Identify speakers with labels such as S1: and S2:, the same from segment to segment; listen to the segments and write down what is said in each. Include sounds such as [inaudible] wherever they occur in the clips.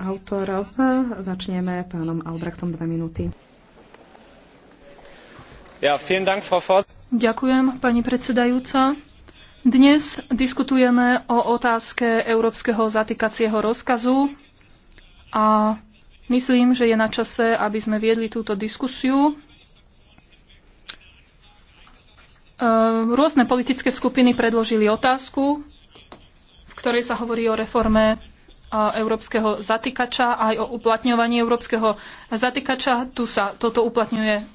S1: autorov. Začneme pánom Albrechtom dve minúty.
S2: Ja, Dank, Frau Ďakujem, pani predsedajúca. Dnes diskutujeme o otázke európskeho zatýkacieho rozkazu a myslím, že je na čase, aby sme viedli túto diskusiu. E, rôzne politické skupiny predložili otázku, v ktorej sa hovorí o reforme európskeho zatýkača, aj o uplatňovaní európskeho zatýkača. Tu sa toto uplatňuje,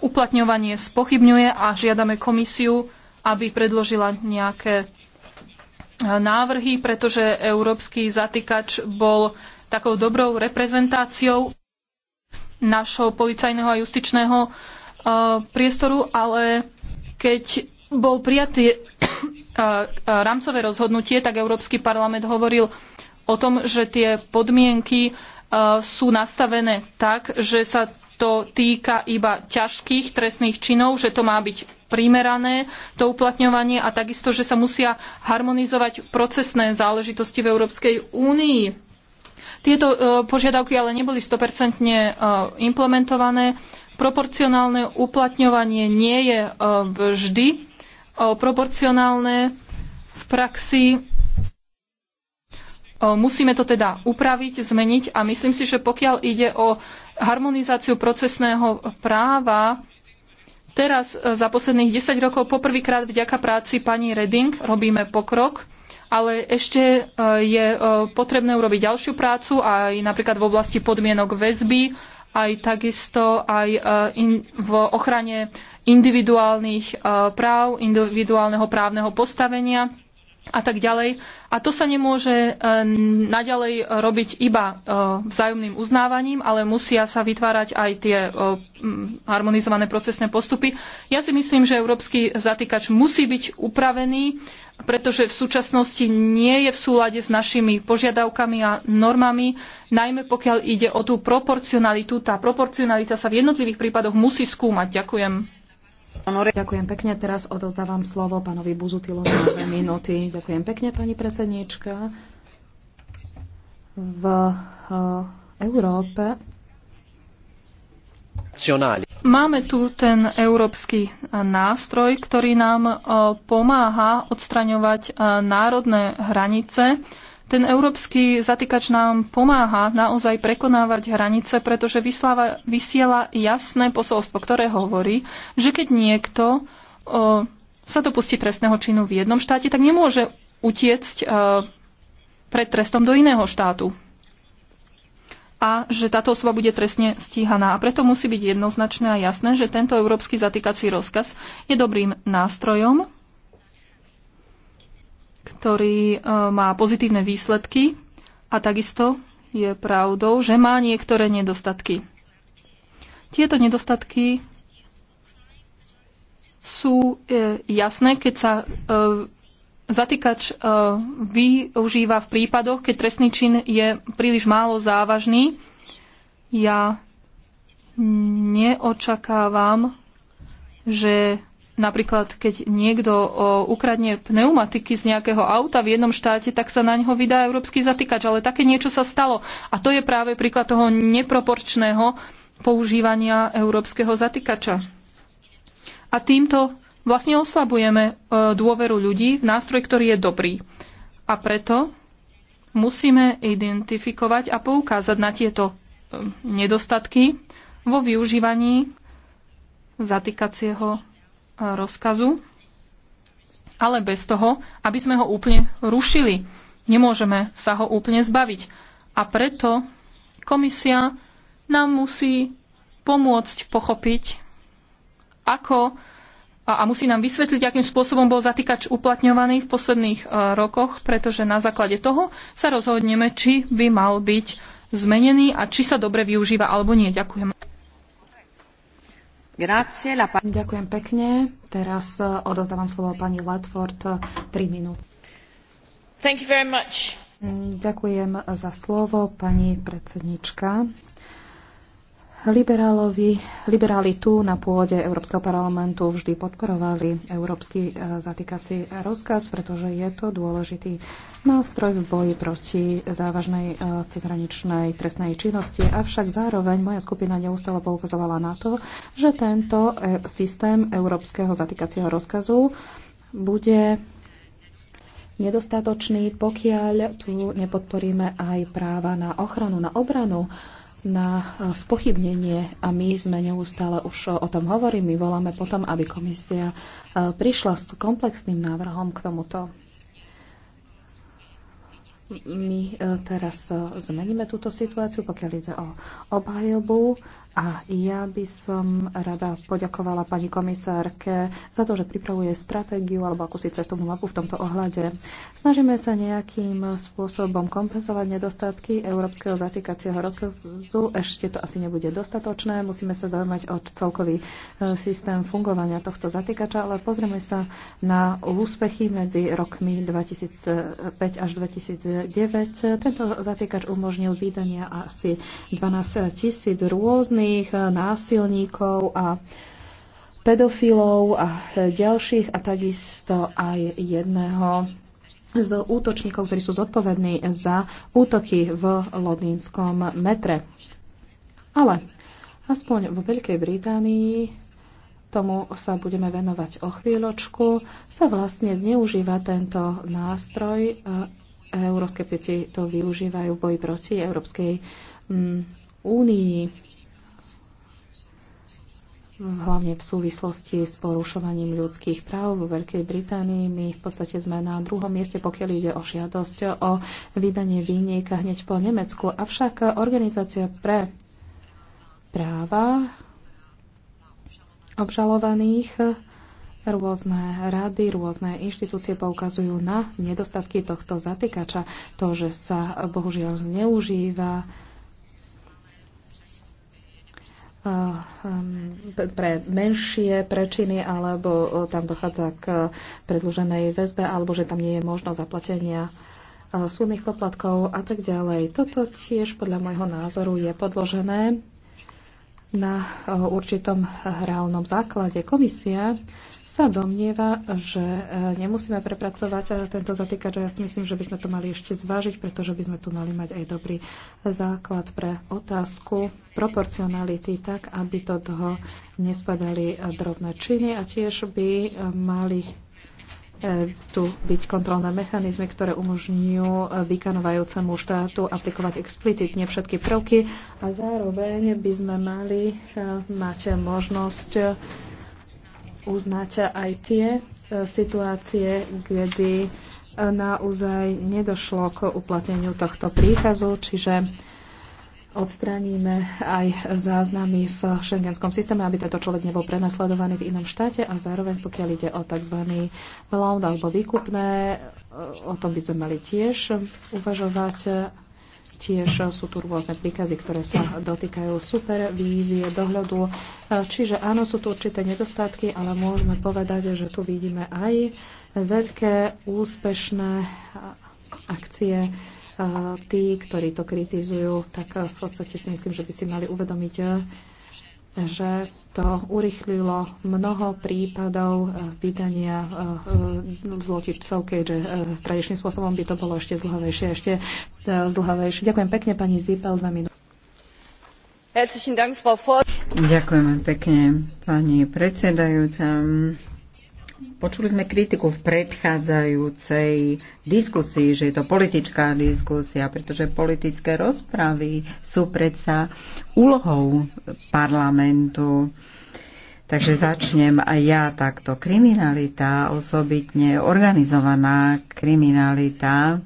S2: uplatňovanie spochybňuje a žiadame komisiu, aby predložila nejaké e, návrhy, pretože európsky zatýkač bol takou dobrou reprezentáciou našho policajného a justičného e, priestoru, ale keď bol prijatý [coughs] e, rámcové rozhodnutie, tak Európsky parlament hovoril o tom, že tie podmienky e, sú nastavené tak, že sa to týka iba ťažkých trestných činov, že to má byť primerané, to uplatňovanie a takisto, že sa musia harmonizovať procesné záležitosti v Európskej únii. Tieto e, požiadavky ale neboli 100% e, implementované. Proporcionálne uplatňovanie nie je vždy proporcionálne v praxi Musíme to teda upraviť, zmeniť a myslím si, že pokiaľ ide o harmonizáciu procesného práva, teraz e, za posledných 10 rokov poprvýkrát vďaka práci pani Reding robíme pokrok, ale ešte e, je e, potrebné urobiť ďalšiu prácu aj napríklad v oblasti podmienok väzby, aj takisto aj v ochrane individuálnych práv, individuálneho právneho postavenia a tak ďalej. A to sa nemôže e, naďalej robiť iba e, vzájomným uznávaním, ale musia sa vytvárať aj tie e, harmonizované procesné postupy. Ja si myslím, že európsky zatýkač musí byť upravený, pretože v súčasnosti nie je v súlade s našimi požiadavkami a normami, najmä pokiaľ ide o tú proporcionalitu. Tá proporcionalita sa v jednotlivých prípadoch musí skúmať. Ďakujem.
S1: Ďakujem pekne. Teraz odozdávam slovo pánovi Buzutilu na dve minúty. Ďakujem pekne, pani predsedníčka.
S2: V eh, Európe Máme tu ten európsky eh, nástroj, ktorý nám eh, pomáha odstraňovať národné hranice ten európsky zatýkač nám pomáha naozaj prekonávať hranice, pretože vysláva, vysiela jasné posolstvo, ktoré hovorí, že keď niekto o, sa dopustí trestného činu v jednom štáte, tak nemôže utiecť o, pred trestom do iného štátu a že táto osoba bude trestne stíhaná. A preto musí byť jednoznačné a jasné, že tento európsky zatýkací rozkaz je dobrým nástrojom ktorý e, má pozitívne výsledky a takisto je pravdou, že má niektoré nedostatky. Tieto nedostatky sú e, jasné, keď sa e, zatýkač využíva v prípadoch, keď trestný čin je príliš málo závažný. Ja neočakávam, že Napríklad, keď niekto ukradne pneumatiky z nejakého auta v jednom štáte, tak sa na ňo vydá európsky zatýkač. Ale také niečo sa stalo. A to je práve príklad toho neproporčného používania európskeho zatýkača. A týmto vlastne oslabujeme e, dôveru ľudí v nástroj, ktorý je dobrý. A preto musíme identifikovať a poukázať na tieto e, nedostatky vo využívaní zatýkacieho rozkazu, ale bez toho, aby sme ho úplne rušili. Nemôžeme sa ho úplne zbaviť. A preto komisia nám musí pomôcť pochopiť, ako a musí nám vysvetliť, akým spôsobom bol zatýkač uplatňovaný v posledných e, rokoch, pretože na základe toho sa rozhodneme, či by mal byť zmenený a či sa dobre využíva alebo nie. Ďakujem.
S1: Ďakujem pekne. Teraz e, odozdávam slovo pani Ledford, 3 minút. Ďakujem za slovo, pani predsednička. Liberálovi, liberáli tu na pôde Európskeho parlamentu vždy podporovali európsky e, zatýkací rozkaz, pretože je to dôležitý nástroj v boji proti závažnej e, cezhraničnej trestnej činnosti. Avšak zároveň moja skupina neustále poukazovala na to, že tento e, systém európskeho zatýkacieho rozkazu bude nedostatočný, pokiaľ tu nepodporíme aj práva na ochranu, na obranu na e, spochybnenie a my sme neustále už o tom hovorí. My voláme potom, aby komisia e, prišla s komplexným návrhom k tomuto. My e, teraz zmeníme túto situáciu, pokiaľ ide o obhajobu a ja by som rada poďakovala pani komisárke za to, že pripravuje stratégiu alebo akúsi cestovnú mapu v tomto ohľade. Snažíme sa nejakým spôsobom kompenzovať nedostatky európskeho zatýkacieho rozkazu. Ešte to asi nebude dostatočné. Musíme sa zaujímať o celkový e, systém fungovania tohto zatýkača, ale pozrieme sa na úspechy medzi rokmi 2005 až 2009. Tento zatýkač umožnil vydania asi 12 tisíc rôznych rôznych eh, násilníkov a pedofilov a ďalších a takisto aj jedného z útočníkov, ktorí sú zodpovední za útoky v londýnskom metre. Ale aspoň vo Veľkej Británii tomu sa budeme venovať o chvíľočku, sa vlastne zneužíva tento nástroj. Eh, euroskeptici to využívajú v boji proti Európskej mm, únii Mhm. hlavne v súvislosti s porušovaním ľudských práv vo Veľkej Británii. My v podstate sme na druhom mieste, pokiaľ ide o žiadosť o vydanie výniek hneď po Nemecku. Avšak organizácia pre práva obžalovaných Rôzne rady, rôzne inštitúcie poukazujú na nedostatky tohto zatýkača. To, že sa bohužiaľ zneužíva, pre menšie prečiny, alebo tam dochádza k predlženej väzbe, alebo že tam nie je možnosť zaplatenia súdnych poplatkov a tak ďalej. Toto tiež podľa môjho názoru je podložené na určitom reálnom základe. Komisia sa domnieva, že e, nemusíme prepracovať e, tento zatýkač a ja si myslím, že by sme to mali ešte zvážiť, pretože by sme tu mali mať aj dobrý základ pre otázku proporcionality, tak aby do toho nespadali e, drobné činy a tiež by mali tu byť kontrolné mechanizmy, ktoré umožňujú vykonovajúcemu štátu aplikovať explicitne všetky prvky a zároveň by sme mali mať možnosť uznať aj tie e, situácie, kedy e, naozaj nedošlo k uplatneniu tohto príkazu, čiže odstraníme aj záznamy v šengenskom systéme, aby tento človek nebol prenasledovaný v inom štáte a zároveň pokiaľ ide o tzv. loan alebo výkupné, e, o tom by sme mali tiež uvažovať Tiež sú tu rôzne príkazy, ktoré sa dotýkajú supervízie, dohľadu. E, Čiže áno, sú tu určité nedostatky, ale môžeme povedať, že tu vidíme aj veľké úspešné akcie e, tí, ktorí to kritizujú, tak v podstate si myslím, že by si mali uvedomiť, že to urychlilo mnoho prípadov eh, vydania eh, eh, zločincov, keďže tradičným spôsobom by to bolo ešte zlhavejšie. Ešte zlhavejšie. Ďakujem pekne, pani Zipel, dva minúty.
S3: Ďakujem pekne, pani predsedajúca. Počuli sme kritiku v predchádzajúcej diskusii, že je to politická diskusia, pretože politické rozpravy sú predsa úlohou parlamentu. Takže začnem aj ja takto. Kriminalita, osobitne organizovaná kriminalita,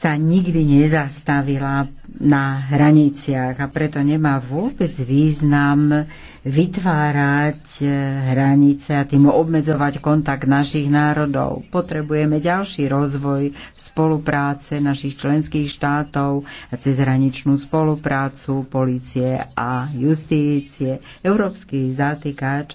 S3: sa nikdy nezastavila na hraniciach a preto nemá vôbec význam vytvárať e, hranice a tým obmedzovať kontakt našich národov. Potrebujeme ďalší rozvoj spolupráce našich členských štátov a cezhraničnú spoluprácu policie a justície. Európsky zatýkač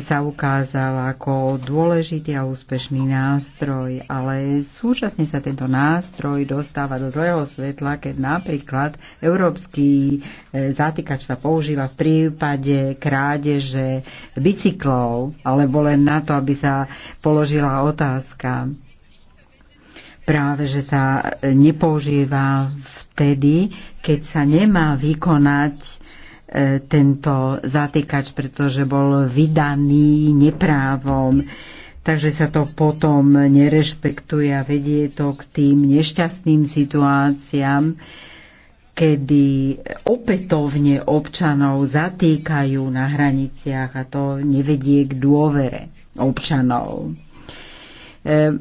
S3: sa ukázal ako dôležitý a úspešný nástroj, ale súčasne sa tento nástroj dostáva do zlého svetla, keď napríklad európsky e, zatýkač sa používa v prípade krádeže bicyklov, alebo len na to, aby sa položila otázka práve, že sa e, nepoužíva vtedy, keď sa nemá vykonať tento zatýkač, pretože bol vydaný neprávom takže sa to potom nerešpektuje a vedie to k tým nešťastným situáciám, kedy opätovne občanov zatýkajú na hraniciach a to nevedie k dôvere občanov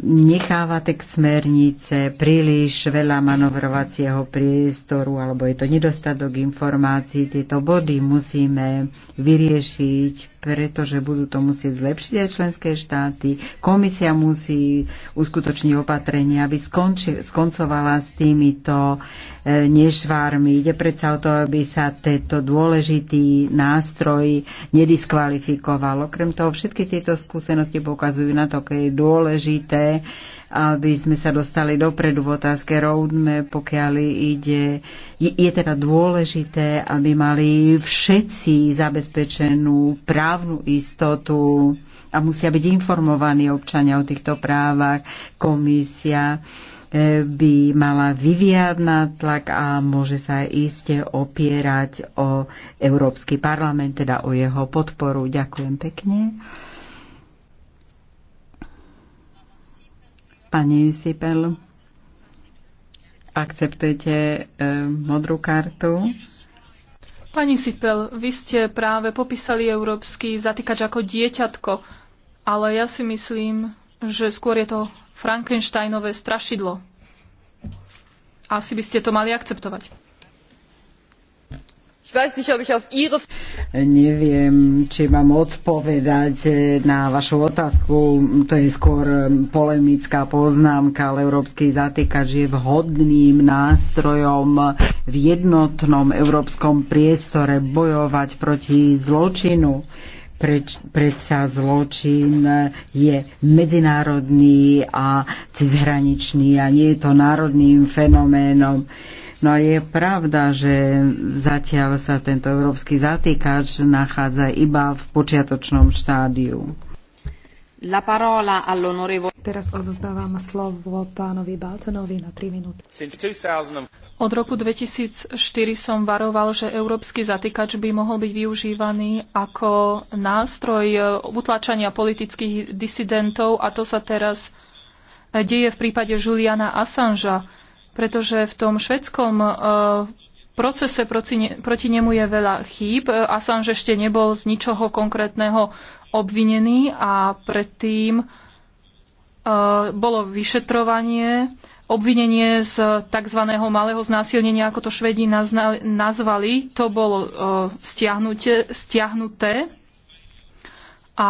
S3: necháva tak smernice príliš veľa manovrovacieho priestoru, alebo je to nedostatok informácií. Tieto body musíme vyriešiť pretože budú to musieť zlepšiť aj členské štáty. Komisia musí uskutočniť opatrenia, aby skonči, skoncovala s týmito e, nešvármi. Ide predsa o to, aby sa tento dôležitý nástroj nediskvalifikoval. Okrem toho, všetky tieto skúsenosti poukazujú na to, keď je dôležité, aby sme sa dostali dopredu v otázke roadme, pokiaľ ide. Je teda dôležité, aby mali všetci zabezpečenú právnu istotu a musia byť informovaní občania o týchto právach. Komisia e, by mala na tlak a môže sa iste opierať o Európsky parlament, teda o jeho podporu. Ďakujem pekne. Pani Sipel, akceptujete e, modrú kartu?
S2: Pani Sipel, vy ste práve popísali európsky zatýkač ako dieťatko, ale ja si myslím, že skôr je to Frankensteinové strašidlo. Asi by ste to mali akceptovať.
S3: Neviem, či mám odpovedať eh, na vašu otázku. To je skôr eh, polemická poznámka, ale Európsky zatýkač je vhodným nástrojom v jednotnom európskom priestore bojovať proti zločinu. Preč, predsa zločin eh, je medzinárodný a cizhraničný a nie je to národným fenoménom. No a je pravda, že zatiaľ sa tento európsky zatýkač nachádza iba v počiatočnom štádiu.
S4: La parola
S2: all'onorevole. Teraz odozdávam slovo pánovi Baltonovi na 3 minúty. Od roku 2004 som varoval, že európsky zatýkač by mohol byť využívaný ako nástroj e, utlačania politických disidentov a to sa teraz e, deje v prípade Juliana Assangea pretože v tom švedskom eh, procese proti, ne, proti nemu je veľa chýb. Eh, Assange ešte nebol z ničoho konkrétneho obvinený a predtým eh, bolo vyšetrovanie, obvinenie z tzv. malého znásilnenia, ako to Švedi nazvali, to bolo uh, stiahnuté a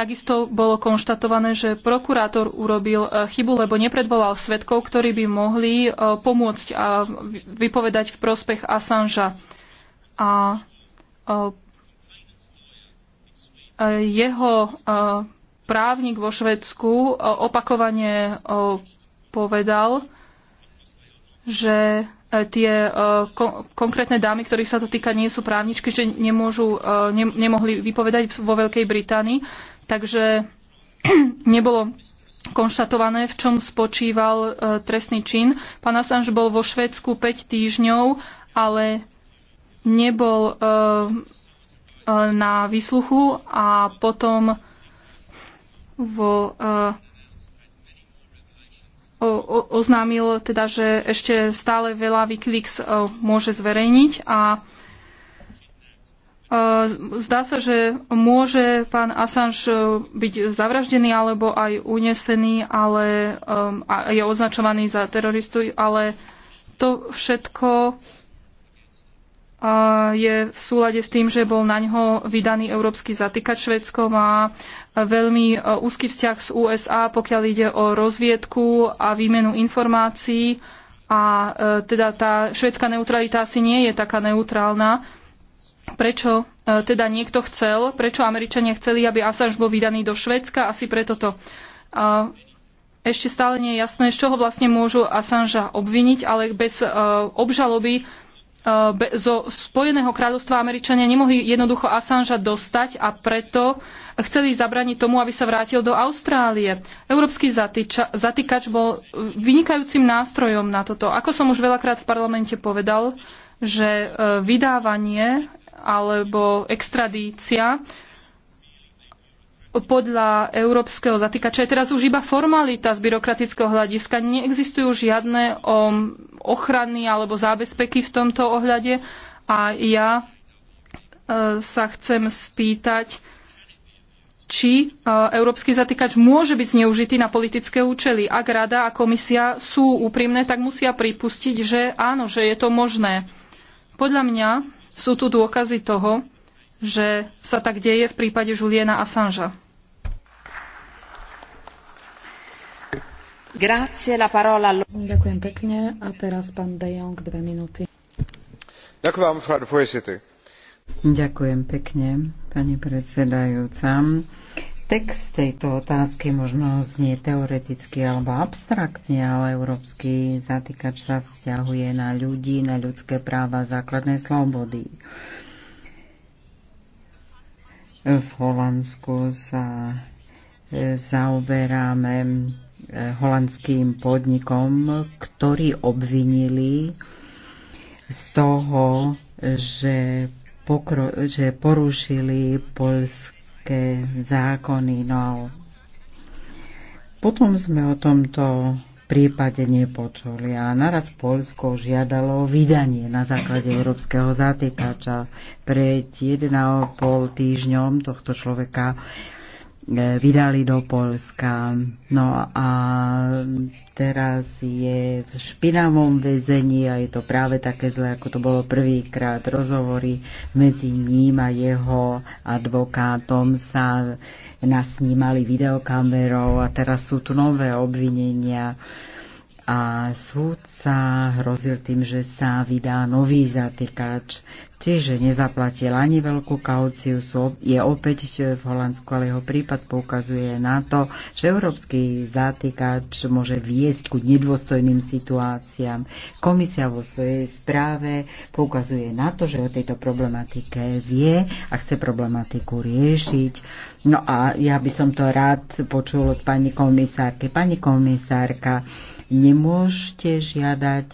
S2: Takisto bolo konštatované, že prokurátor urobil e, chybu, lebo nepredvolal svetkov, ktorí by mohli e, pomôcť a vypovedať v prospech Assangea. A e, jeho právnik vo Švedsku opakovane povedal, že tie konkrétne dámy, ktorých sa to týka, nie sú právničky, že nemôžu, ne, nemohli vypovedať vo Veľkej Británii. Takže [clears throat] nebolo konštatované, v čom spočíval e, trestný čin. Pán Assange bol vo Švedsku 5 týždňov, ale nebol e, e, na výsluchu a potom vo O, o, oznámil teda, že ešte stále veľa Wikileaks o, môže zverejniť a Zdá sa, že môže pán Assange e, byť zavraždený alebo aj unesený, ale um, a je označovaný za teroristu, ale to všetko je v súlade s tým, že bol na ňo vydaný európsky zatýkač. Švedsko má e, veľmi e, úzky vzťah s USA, pokiaľ ide o rozviedku a výmenu informácií. A teda tá švedská neutralita asi nie je taká neutrálna prečo e, teda niekto chcel, prečo Američania chceli, aby Assange bol vydaný do Švedska, asi preto to. ešte stále nie je jasné, z čoho vlastne môžu Assangea obviniť, ale bez e, obžaloby e, zo Spojeného kráľovstva Američania nemohli jednoducho Assangea dostať a preto chceli zabraniť tomu, aby sa vrátil do Austrálie. Európsky zatýkač bol vynikajúcim nástrojom na toto. Ako som už veľakrát v parlamente povedal, že vydávanie alebo extradícia podľa európskeho zatýkača je teraz už iba formalita z byrokratického hľadiska. Neexistujú žiadne um, ochrany alebo zábezpeky v tomto ohľade. A ja uh, sa chcem spýtať, či uh, európsky zatýkač môže byť zneužitý na politické účely. Ak rada a komisia sú úprimné, tak musia pripustiť, že áno, že je to možné. Podľa mňa sú tu dôkazy toho, že sa tak deje v prípade Juliana Assangea. Grazie, la parola... Ďakujem pekne. A teraz
S3: pán De Jong, dve minúty.
S5: Ďakujem, Ďakujem
S3: pekne, pani predsedajúca. Text tejto otázky možno znie teoreticky alebo abstraktne, ale európsky zatýkač sa vzťahuje na ľudí, na ľudské práva, základné slobody. V Holandsku sa e, zaoberáme e, holandským podnikom, ktorí obvinili z toho, že, pokro- že porušili polské nejaké zákony. No, potom sme o tomto prípade nepočuli a naraz Polsko žiadalo vydanie na základe európskeho zatýkača. Pred 1,5 týždňom tohto človeka eh, vydali do Polska. No a teraz je v špinavom väzení a je to práve také zlé, ako to bolo prvýkrát. Rozhovory medzi ním a jeho advokátom sa nasnímali videokamerou a teraz sú tu nové obvinenia a súdca hrozil tým, že sa vydá nový zatýkač. Čiže nezaplatil ani veľkú kauciu, je opäť v Holandsku, ale jeho prípad poukazuje na to, že európsky zatýkač môže viesť ku nedôstojným situáciám. Komisia vo svojej správe poukazuje na to, že o tejto problematike vie a chce problematiku riešiť. No a ja by som to rád počul od pani komisárky. Pani komisárka, nemôžete žiadať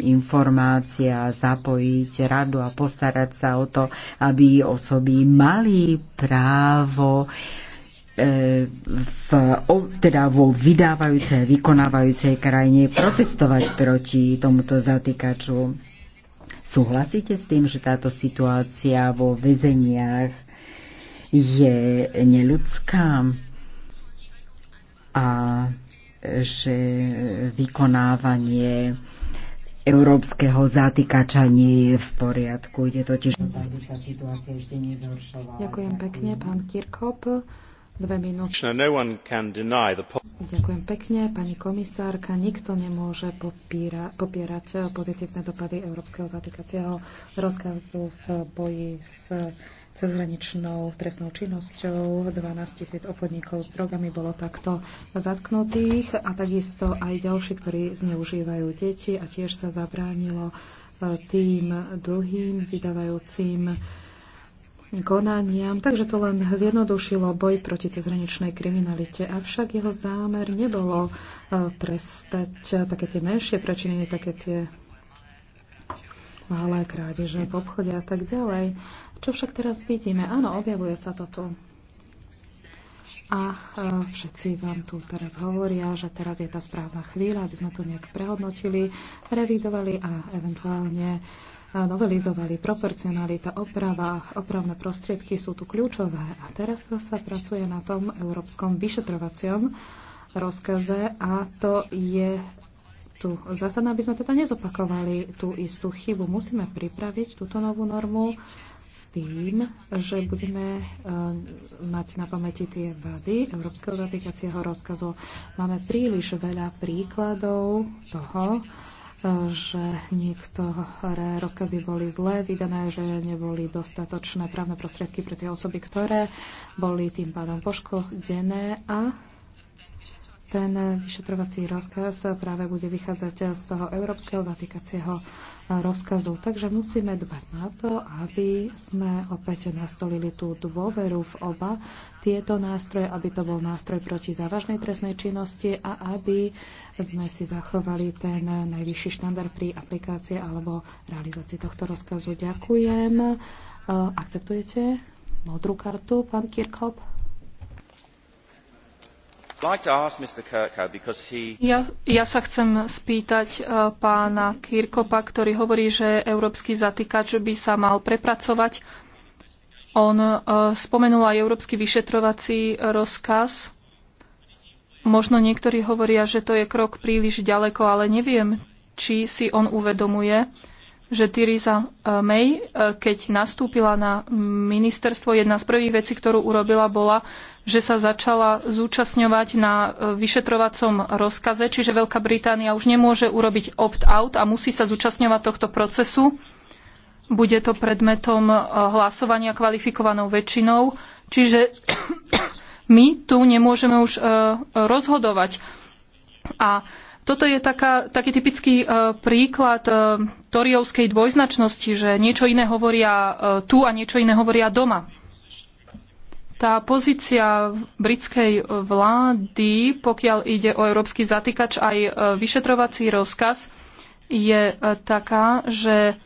S3: informácie a zapojiť radu a postarať sa o to, aby osoby mali právo e, v, teda vo vydávajúcej, vykonávajúcej krajine protestovať proti tomuto zatýkaču. Súhlasíte s tým, že táto situácia vo väzeniach je neludská? A že vykonávanie európskeho zatýkača nie je v poriadku. Ide totiž aby sa situácia ešte
S1: nezhoršovala. Ďakujem pekne, pán Kirkop. Dve minúty.
S5: No, no
S1: Ďakujem pekne, pani komisárka. Nikto nemôže popíra, popierať pozitívne dopady európskeho zatýkacieho rozkazu v boji s cezhraničnou trestnou činnosťou. 12 tisíc obchodníkov s drogami bolo takto zatknutých a takisto aj ďalší, ktorí zneužívajú deti a tiež sa zabránilo e, tým dlhým vydávajúcim konaniam, takže to len zjednodušilo boj proti cezhraničnej kriminalite. Avšak jeho zámer nebolo e, trestať také tie menšie prečiny, také tie malé krádeže v obchode a tak ďalej. Čo však teraz vidíme? Áno, objavuje sa to tu. A e, všetci vám tu teraz hovoria, že teraz je tá správna chvíľa, aby sme to nejak prehodnotili, revidovali a eventuálne e, novelizovali proporcionalita, oprava, opravné prostriedky sú tu kľúčové. A teraz sa pracuje na tom európskom vyšetrovacom rozkaze a to je tu zásadné, aby sme teda nezopakovali tú istú chybu. Musíme pripraviť túto novú normu s tým, že budeme e, mať na pamäti tie vady Európskeho ratifikácieho rozkazu. Máme príliš veľa príkladov toho, e, že niektoré rozkazy boli zlé vydané, že neboli dostatočné právne prostriedky pre tie osoby, ktoré boli tým pádom poškodené a ten vyšetrovací rozkaz práve bude vychádzať z toho európskeho zatýkacieho rozkazu. Takže musíme dbať na to, aby sme opäť nastolili tú dôveru v oba tieto nástroje, aby to bol nástroj proti závažnej trestnej činnosti a aby sme si zachovali ten najvyšší štandard pri aplikácii alebo realizácii tohto rozkazu. Ďakujem. Akceptujete
S2: modrú kartu, pán Kirkop? ja, sa chcem spýtať eh, pána Kirkopa, ktorý hovorí, že európsky zatýkač by sa mal prepracovať. On eh, spomenul aj európsky vyšetrovací rozkaz. Možno niektorí hovoria, že to je krok príliš ďaleko, ale neviem, či si on uvedomuje, že Theresa e, May, e, keď nastúpila na ministerstvo, jedna z prvých vecí, ktorú urobila, bola, že sa začala zúčastňovať na e, vyšetrovacom rozkaze, čiže Veľká Británia už nemôže urobiť opt-out a musí sa zúčastňovať tohto procesu. Bude to predmetom hlasovania kvalifikovanou väčšinou, čiže [coughs] my tu nemôžeme už rozhodovať. A toto je taká, taký typický e, príklad e, toriovskej dvojznačnosti, že niečo iné hovoria e, tu a niečo iné hovoria doma. Tá pozícia britskej vlády, pokiaľ ide o európsky zatýkač aj vyšetrovací rozkaz, je taká, že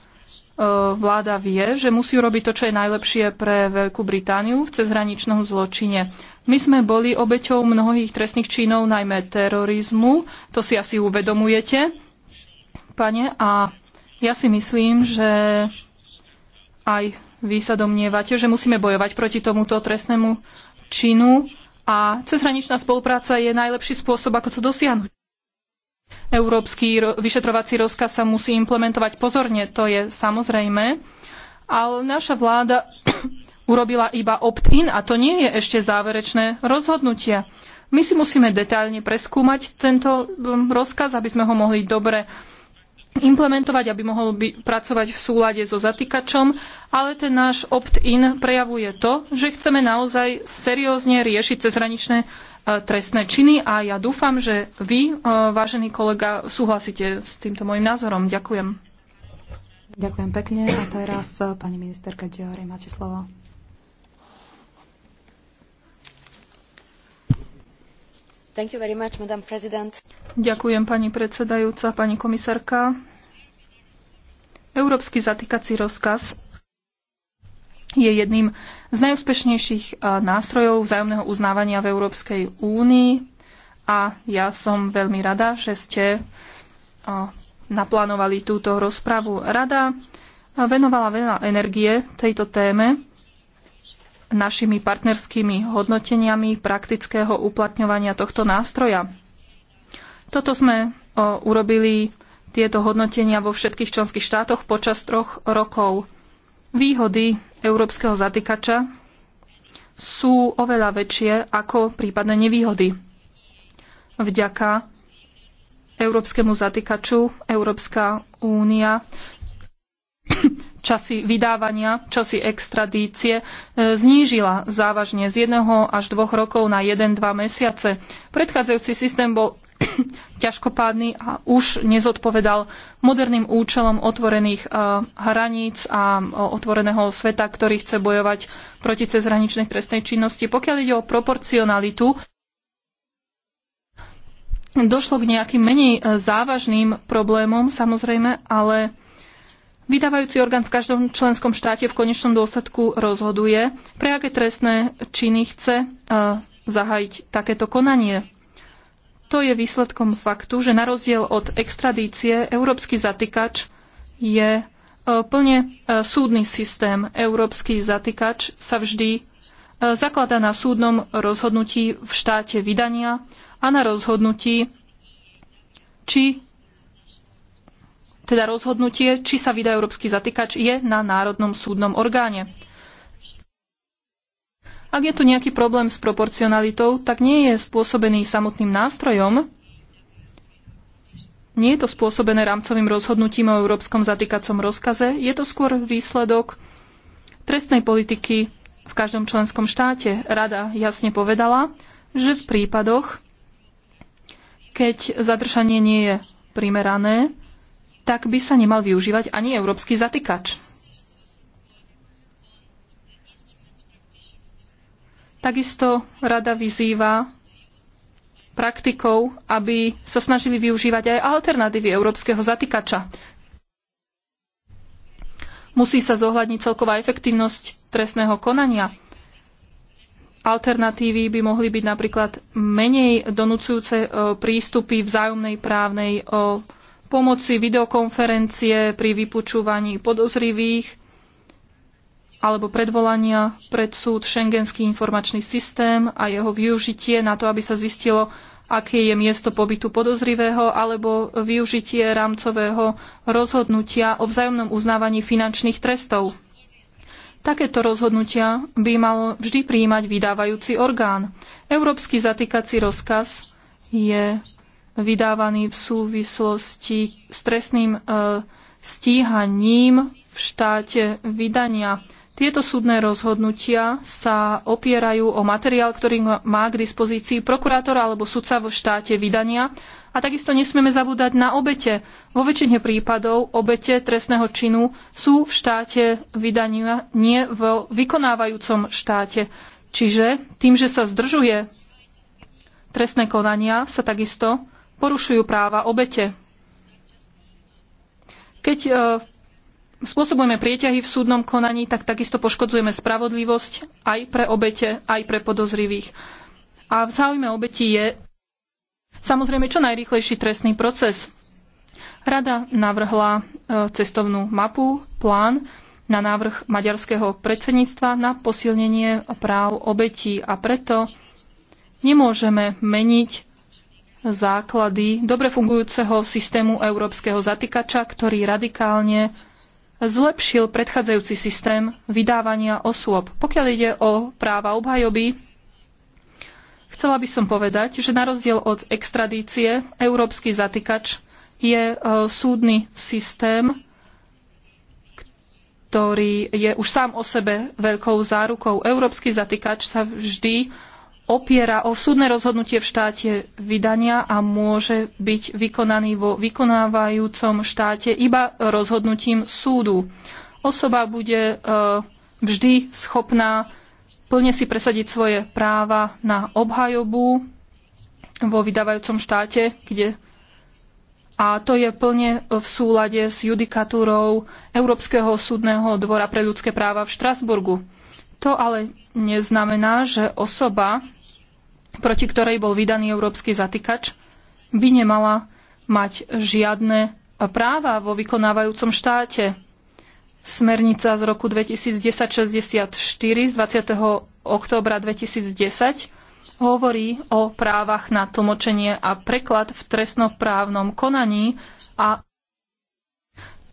S2: vláda vie, že musí robiť to, čo je najlepšie pre Veľkú Britániu v cezhraničnom zločine. My sme boli obeťou mnohých trestných činov, najmä terorizmu. To si asi uvedomujete, pane. A ja si myslím, že aj vy sa domnievate, že musíme bojovať proti tomuto trestnému činu a cezhraničná spolupráca je najlepší spôsob, ako to dosiahnuť. Európsky vyšetrovací rozkaz sa musí implementovať pozorne, to je samozrejme, ale naša vláda urobila iba opt-in a to nie je ešte záverečné rozhodnutia. My si musíme detailne preskúmať tento um, rozkaz, aby sme ho mohli dobre implementovať, aby mohol by pracovať v súlade so zatýkačom, ale ten náš opt-in prejavuje to, že chceme naozaj seriózne riešiť cezhraničné e, trestné činy a ja dúfam, že vy, e, vážený kolega, súhlasíte s týmto môjim názorom. Ďakujem. Ďakujem pekne a
S1: teraz e, pani ministerka Diori, máte slovo.
S2: Much, Ďakujem pani predsedajúca, pani komisárka. Európsky zatýkací rozkaz je jedným z najúspešnejších eh, nástrojov vzájomného uznávania v Európskej únii a ja som veľmi rada, že ste eh, naplánovali túto rozpravu. Rada eh, venovala veľa energie tejto téme našimi partnerskými hodnoteniami praktického uplatňovania tohto nástroja. Toto sme urobili tieto hodnotenia vo všetkých členských štátoch počas troch rokov. Výhody európskeho zatýkača sú oveľa väčšie ako prípadné nevýhody. Vďaka európskemu zatýkaču Európska únia časy vydávania, časy extradície e, znížila závažne z jedného až dvoch rokov na 1-2 mesiace. Predchádzajúci systém bol [coughs] ťažkopádny a už nezodpovedal moderným účelom otvorených e, hraníc a e, otvoreného sveta, ktorý chce bojovať proti cezhraničnej trestnej činnosti. Pokiaľ ide o proporcionalitu, došlo k nejakým menej závažným problémom, samozrejme, ale Vydávajúci orgán v každom členskom štáte v konečnom dôsledku rozhoduje, pre aké trestné činy chce zahájiť takéto konanie. To je výsledkom faktu, že na rozdiel od extradície európsky zatýkač je e, plne e, súdny systém. Európsky zatýkač sa vždy e, zaklada na súdnom rozhodnutí v štáte vydania a na rozhodnutí, či teda rozhodnutie, či sa vydá európsky zatýkač, je na Národnom súdnom orgáne. Ak je tu nejaký problém s proporcionalitou, tak nie je spôsobený samotným nástrojom, nie je to spôsobené rámcovým rozhodnutím o európskom zatýkacom rozkaze, je to skôr výsledok trestnej politiky v každom členskom štáte. Rada jasne povedala, že v prípadoch, keď zadržanie nie je primerané, tak by sa nemal využívať ani európsky zatýkač. Takisto rada vyzýva praktikov, aby sa snažili využívať aj alternatívy európskeho zatýkača. Musí sa zohľadniť celková efektívnosť trestného konania. Alternatívy by mohli byť napríklad menej donúcujúce e, prístupy vzájomnej právnej e, pomoci videokonferencie pri vypočúvaní podozrivých alebo predvolania pred súd Schengenský informačný systém a jeho využitie na to, aby sa zistilo, aké je miesto pobytu podozrivého alebo využitie rámcového rozhodnutia o vzájomnom uznávaní finančných trestov. Takéto rozhodnutia by mal vždy prijímať vydávajúci orgán. Európsky zatýkací rozkaz je vydávaný v súvislosti s trestným e, stíhaním v štáte vydania. Tieto súdne rozhodnutia sa opierajú o materiál, ktorý má k dispozícii prokurátor alebo sudca vo štáte vydania. A takisto nesmieme zabúdať na obete. Vo väčšine prípadov obete trestného činu sú v štáte vydania, nie v vykonávajúcom štáte. Čiže tým, že sa zdržuje trestné konania, sa takisto porušujú práva obete. Keď e, spôsobujeme prieťahy v súdnom konaní, tak takisto poškodzujeme spravodlivosť aj pre obete, aj pre podozrivých. A v záujme obeti je samozrejme čo najrýchlejší trestný proces. Rada navrhla e, cestovnú mapu, plán na návrh maďarského predsedníctva na posilnenie práv obetí a preto nemôžeme meniť základy dobre fungujúceho systému európskeho zatýkača, ktorý radikálne zlepšil predchádzajúci systém vydávania osôb. Pokiaľ ide o práva obhajoby, chcela by som povedať, že na rozdiel od extradície, európsky zatýkač je e, súdny systém, ktorý je už sám o sebe veľkou zárukou. Európsky zatýkač sa vždy opiera o súdne rozhodnutie v štáte vydania a môže byť vykonaný vo vykonávajúcom štáte iba rozhodnutím súdu. Osoba bude e, vždy schopná plne si presadiť svoje práva na obhajobu vo vydávajúcom štáte, kde a to je plne v súlade s judikatúrou Európskeho súdneho dvora pre ľudské práva v Štrasburgu. To ale neznamená, že osoba proti ktorej bol vydaný európsky zatýkač, by nemala mať žiadne práva vo vykonávajúcom štáte. Smernica z roku 2010-64 z 20. októbra 2010 hovorí o právach na tlmočenie a preklad v trestnoprávnom konaní a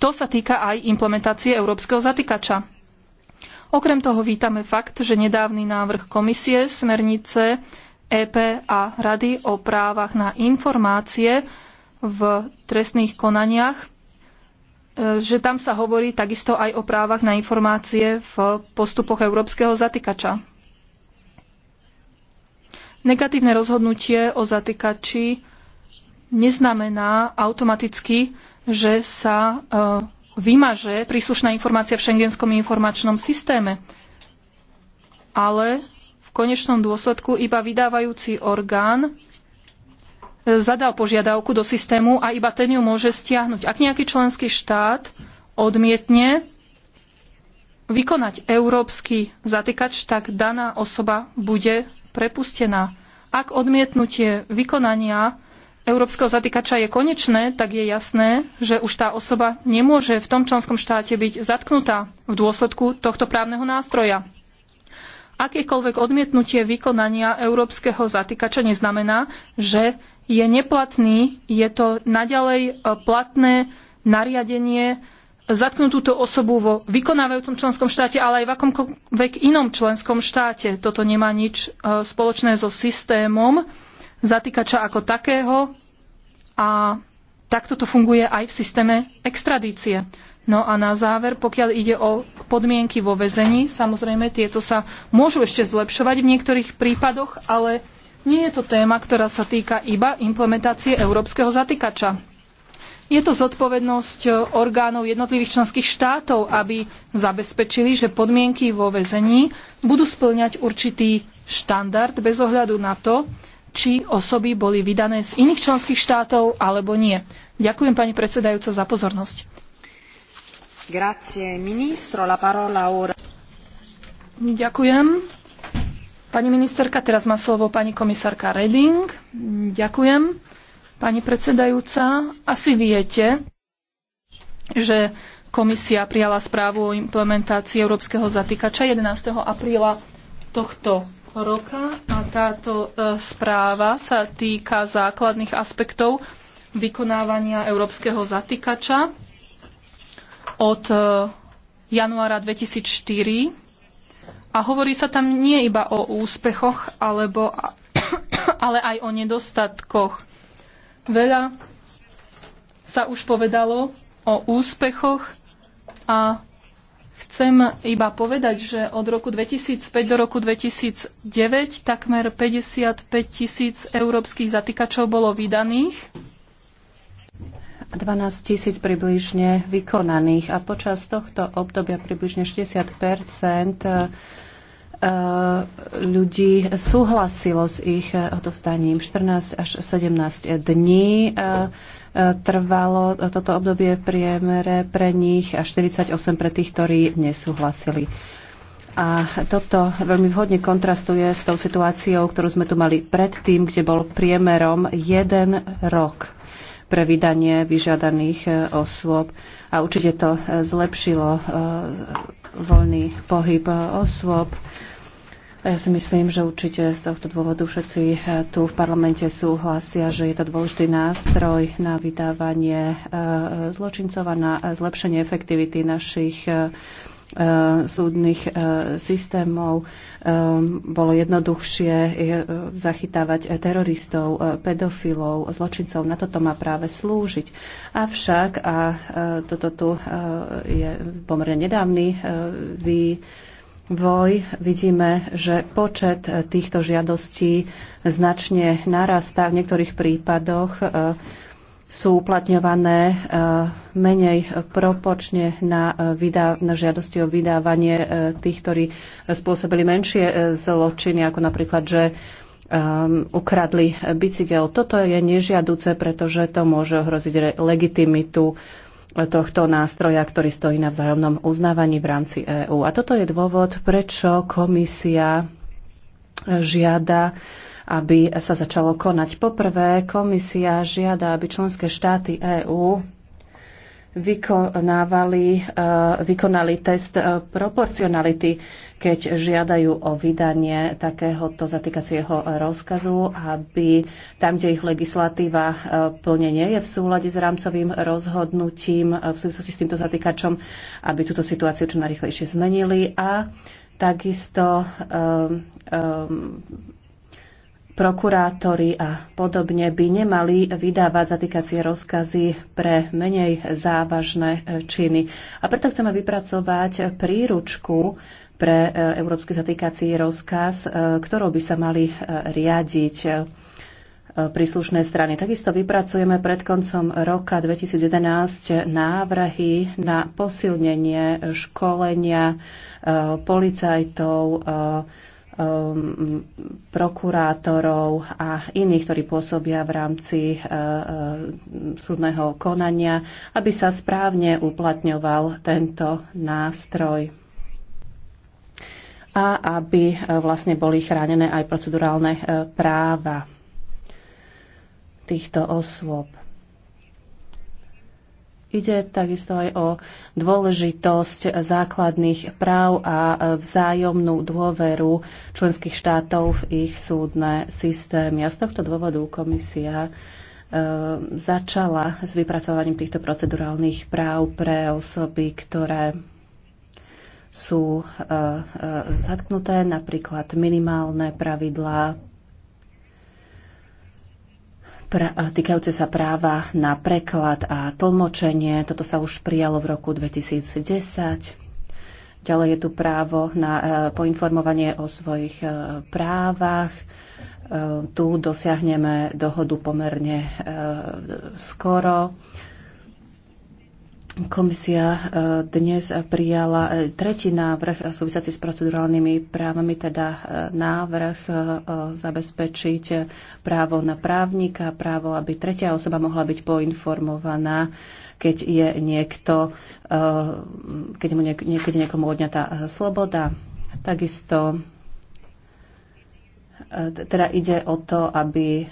S2: to sa týka aj implementácie európskeho zatýkača. Okrem toho vítame fakt, že nedávny návrh komisie smernice EP a Rady o právach na informácie v trestných konaniach, e, že tam sa hovorí takisto aj o právach na informácie v postupoch európskeho zatýkača. Negatívne rozhodnutie o zatýkači neznamená automaticky, že sa e, vymaže príslušná informácia v šengenskom informačnom systéme. Ale v konečnom dôsledku iba vydávajúci orgán e, zadal požiadavku do systému a iba ten ju môže stiahnuť. Ak nejaký členský štát odmietne vykonať európsky zatýkač, tak daná osoba bude prepustená. Ak odmietnutie vykonania európskeho zatýkača je konečné, tak je jasné, že už tá osoba nemôže v tom členskom štáte byť zatknutá v dôsledku tohto právneho nástroja akékoľvek odmietnutie vykonania európskeho zatýkača neznamená, že je neplatný, je to naďalej e, platné nariadenie zatknúť túto osobu vo vykonávajúcom členskom štáte, ale aj v akomkoľvek inom členskom štáte. Toto nemá nič e, spoločné so systémom zatýkača ako takého a Takto to funguje aj v systéme extradície. No a na záver, pokiaľ ide o podmienky vo väzení, samozrejme tieto sa môžu ešte zlepšovať v niektorých prípadoch, ale nie je to téma, ktorá sa týka iba implementácie európskeho zatýkača. Je to zodpovednosť orgánov jednotlivých členských štátov, aby zabezpečili, že podmienky vo väzení budú splňať určitý štandard bez ohľadu na to, či osoby boli vydané z iných členských štátov alebo nie. Ďakujem pani predsedajúca za pozornosť. Grazie, ministro, la parola ora. Ďakujem. Pani ministerka, teraz má slovo pani komisárka Reding. Ďakujem. Pani predsedajúca, asi viete, že komisia prijala správu o implementácii európskeho zatýkača 11. apríla tohto roka a táto e, správa sa týka základných aspektov vykonávania európskeho zatýkača od e, januára 2004 a hovorí sa tam nie iba o úspechoch, alebo, [coughs] ale aj o nedostatkoch. Veľa sa už povedalo o úspechoch a chcem iba povedať, že od roku 2005 do roku 2009 takmer 55 tisíc európskych zatýkačov bolo vydaných
S4: 12 tisíc približne vykonaných a počas tohto obdobia približne 60 e, ľudí súhlasilo s ich odovzdaním 14 až 17 dní. E, e, trvalo toto obdobie v priemere pre nich a 48 pre tých, ktorí nesúhlasili. A toto veľmi vhodne kontrastuje s tou situáciou, ktorú sme tu mali predtým, kde bol priemerom jeden rok pre vydanie vyžiadaných e, osôb. A určite to e, zlepšilo e, voľný pohyb osôb. Ja si myslím, že určite z tohto dôvodu všetci tu v parlamente súhlasia, že je to dôležitý nástroj na vydávanie zločincov a na zlepšenie efektivity našich súdnych systémov. Ehm, bolo jednoduchšie e, e, zachytávať e, teroristov, pedofilov, zločincov. Na toto má práve slúžiť. Avšak, a toto tu je pomerne nedávny vy voj vidíme, že počet týchto žiadostí značne narastá. V niektorých prípadoch sú uplatňované e, menej propočne na, e, vydá- na žiadosti o vydávanie e, tých, ktorí spôsobili menšie zločiny, ako napríklad, že um, ukradli bicykel. Toto je nežiaduce, pretože to môže ohroziť legitimitu tohto nástroja, ktorý stojí na vzájomnom uznávaní v rámci EÚ. A toto je dôvod, prečo komisia žiada aby sa začalo konať. Poprvé, komisia žiada, aby členské štáty EÚ vykonávali, eh, vykonali test eh, proporcionality, keď žiadajú o vydanie takéhoto zatýkacieho rozkazu, aby tam, kde ich legislatíva eh, plne nie je v súlade s rámcovým rozhodnutím v súvislosti s týmto zatýkačom, aby túto situáciu čo najrychlejšie zmenili a takisto um, um, prokurátori a podobne by nemali vydávať zatýkacie rozkazy pre menej závažné e, činy. A preto chceme vypracovať príručku pre e, Európsky zatýkací rozkaz, e, ktorou by sa mali riadiť príslušné strany. Takisto vypracujeme pred koncom roka 2011 návrhy na posilnenie školenia policajtov, Um, prokurátorov a iných, ktorí pôsobia v rámci uh, uh, súdneho konania, aby sa správne uplatňoval tento nástroj a aby uh, vlastne boli chránené aj procedurálne práva týchto osôb. Ide takisto aj o dôležitosť základných práv a vzájomnú dôveru členských štátov v ich súdne systémy. A z tohto dôvodu komisia e, začala s vypracovaním týchto procedurálnych práv pre osoby, ktoré sú e, e, zatknuté, napríklad minimálne pravidlá pra, týkajúce sa práva na preklad a tlmočenie. Toto sa už prijalo v roku 2010. Ďalej je tu právo na e, poinformovanie o svojich e, právach. E, tu dosiahneme dohodu pomerne skoro. Komisia e, dnes prijala e, tretí návrh súvisiaci s procedurálnymi právami, teda e, návrh zabezpečiť právo na právnika, právo, aby tretia osoba mohla byť poinformovaná, keď je niekto, keď mu niek- niekedy niekomu odňatá sloboda. Takisto E, teda ide o to, aby e,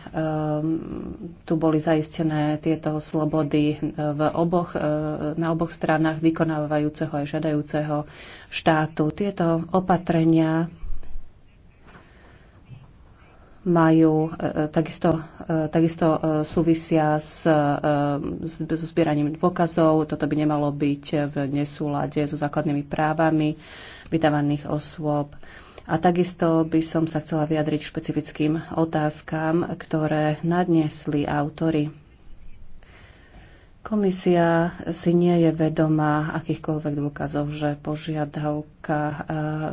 S4: tu boli zaistené tieto slobody e, v oboch, na oboch stranách vykonávajúceho aj žiadajúceho štátu. Tieto opatrenia majú takisto, takisto súvisia s, s zbieraním dôkazov. Toto by nemalo byť v nesúlade so základnými právami vydávaných osôb. A takisto by som sa chcela vyjadriť k špecifickým otázkam, ktoré nadnesli autory. Komisia si nie je vedomá akýchkoľvek dôkazov, že požiadavka e,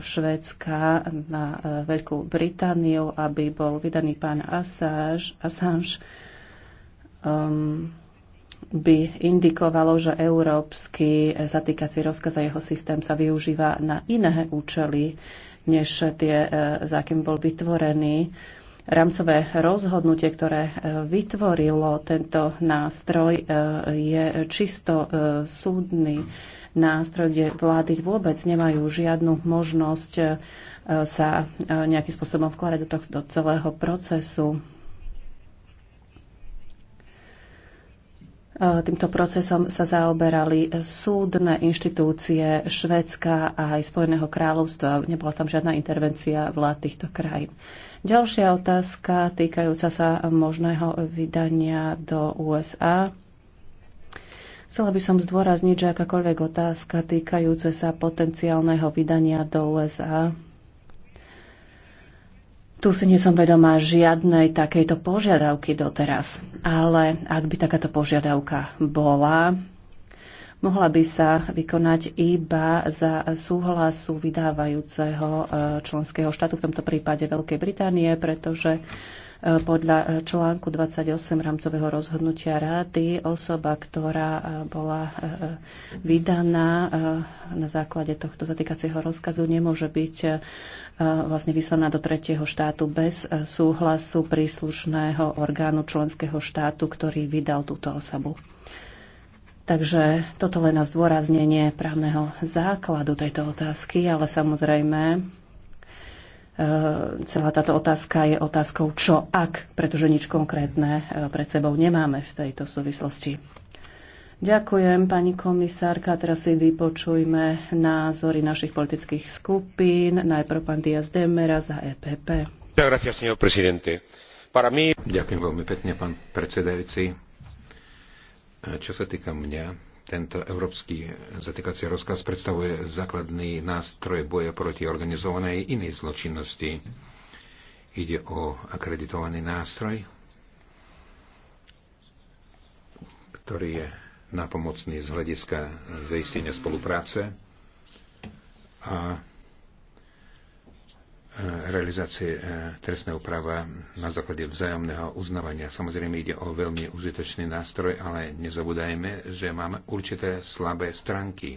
S4: Švédska na e, Veľkú Britániu, aby bol vydaný pán Assange, Assange um, by indikovalo, že európsky zatýkací rozkaz a jeho systém sa využíva na iné účely, než tie, e, za akým bol vytvorený. Rámcové rozhodnutie, ktoré e, vytvorilo tento nástroj, e, je čisto súdny nástroj, kde vlády vôbec nemajú žiadnu možnosť sa nejakým spôsobom vkladať do, tohto, do celého procesu. Týmto procesom sa zaoberali súdne inštitúcie Švedska a aj Spojeného kráľovstva. Nebola tam žiadna intervencia vlád týchto krajín. Ďalšia otázka týkajúca sa možného vydania do USA. Chcela by som zdôrazniť, že akákoľvek otázka týkajúce sa potenciálneho vydania do USA tu si nie som vedomá žiadnej takejto požiadavky doteraz, ale ak by takáto požiadavka bola, mohla by sa vykonať iba za súhlasu vydávajúceho e, členského štátu, v tomto prípade Veľkej Británie, pretože e, podľa e, článku 28 rámcového rozhodnutia rády osoba, ktorá bola vydaná na základe tohto zatýkacieho rozkazu, nemôže byť vlastne vyslaná do tretieho štátu bez e, súhlasu príslušného orgánu členského štátu, ktorý vydal túto osobu. Takže toto len na zdôraznenie právneho základu tejto otázky, ale samozrejme e, celá táto otázka je otázkou čo ak, pretože nič konkrétne e, pred sebou nemáme v tejto súvislosti. Ďakujem, pani komisárka. Teraz si vypočujme názory našich politických skupín. Najprv pán Diaz Demera za EPP.
S5: Ďakujem veľmi pekne, pán predsedajúci. Čo sa týka mňa, tento európsky zatýkací rozkaz predstavuje základný nástroj boja proti organizovanej inej zločinnosti. Ide o akreditovaný nástroj, ktorý je napomocný z hľadiska zaistenia spolupráce a e, realizácie e, trestného práva na základe vzájomného uznávania. Samozrejme ide o veľmi užitočný nástroj, ale nezabúdajme, že máme určité slabé stránky.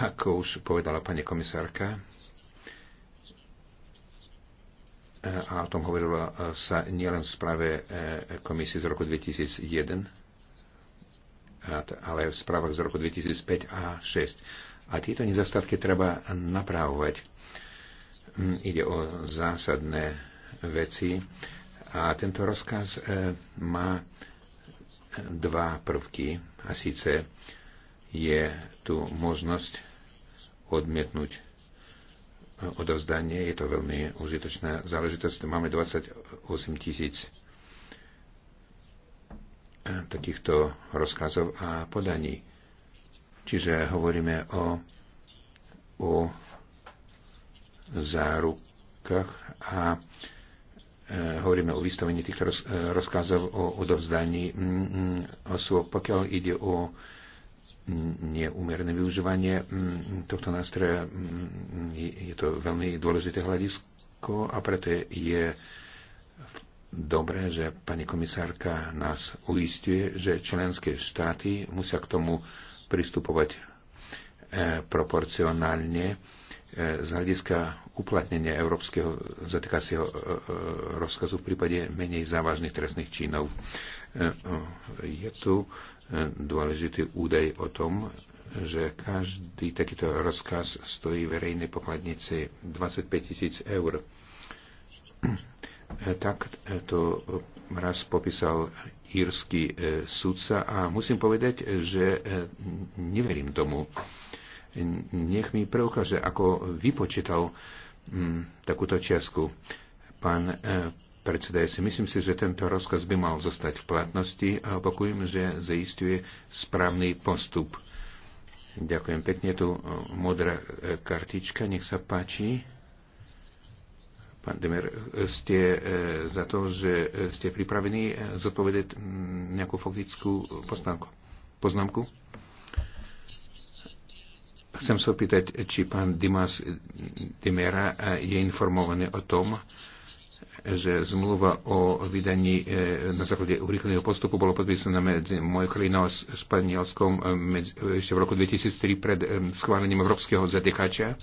S5: Ako už povedala pani komisárka, a o tom hovorilo e, sa nielen v správe e, komisie z roku 2001, ale v správach z roku 2005 a 2006. A tieto nedostatky treba napravovať. Hm, ide o zásadné veci a tento rozkaz e, má dva prvky a síce je tu možnosť odmietnúť odozdanie. Je to veľmi užitočná záležitosť. Máme 28 tisíc e, takýchto rozkazov a podaní. Čiže hovoríme o, o zárukách a e, hovoríme o vystavení týchto e, rozkazov, o odovzdaní osôb. Pokiaľ ide o neúmerné využívanie mm, tohto nástroja mm, je to veľmi dôležité hľadisko a preto je dobré, že pani komisárka nás uistuje, že členské štáty musia k tomu pristupovať e, proporcionálne e, z hľadiska uplatnenia európskeho zatýkacieho e, rozkazu v prípade menej závažných trestných činov. Je tu dôležitý údaj o tom, že každý takýto rozkaz stojí verejnej pokladnici 25 tisíc eur. E, tak to raz popísal írsky e, sudca a musím povedať, že e, neverím tomu. Nech mi preukáže, ako vypočítal mm, takúto čiasku. Pán predsedajúci. Myslím si, že tento rozkaz by mal zostať v platnosti a opakujem, že zaistuje správny postup. Ďakujem pekne. Tu e, modrá e, kartička, nech sa páči. Pán Demer, ste e, za to, že ste pripravení zodpovedať nejakú faktickú poznámku? poznámku? Chcem sa opýtať, či pán Dimas Dimera je informovaný o tom, že zmluva o vydaní e, na základe urýchleného postupu bola podpísaná medzi mojou krajinou a Španielskom e, e, ešte v roku 2003 pred schválením Európskeho zadekača.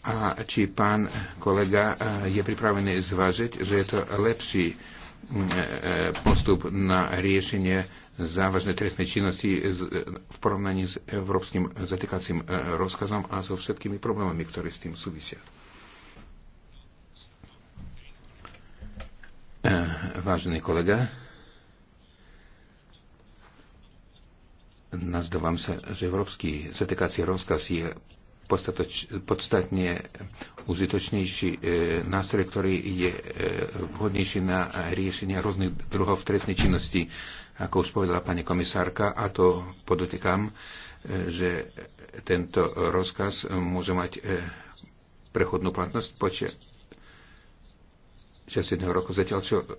S5: A či pán kolega je pripravený zvážiť, že je to lepší postup na riešenie závažnej trestnej činnosti v porovnaní s európskym zatýkacím rozkazom a so všetkými problémami, ktoré s tým súvisia. Eh, vážený kolega, nazdávam sa, že európsky zatekací rozkaz je podstatne užitočnejší eh, nástroj, ktorý je eh, vhodnejší na riešenie rôznych druhov trestnej činnosti, ako už povedala pani komisárka, a to podotýkam, že tento rozkaz môže mať prechodnú platnosť počas 67. roku, zatiaľ čo e, e, e,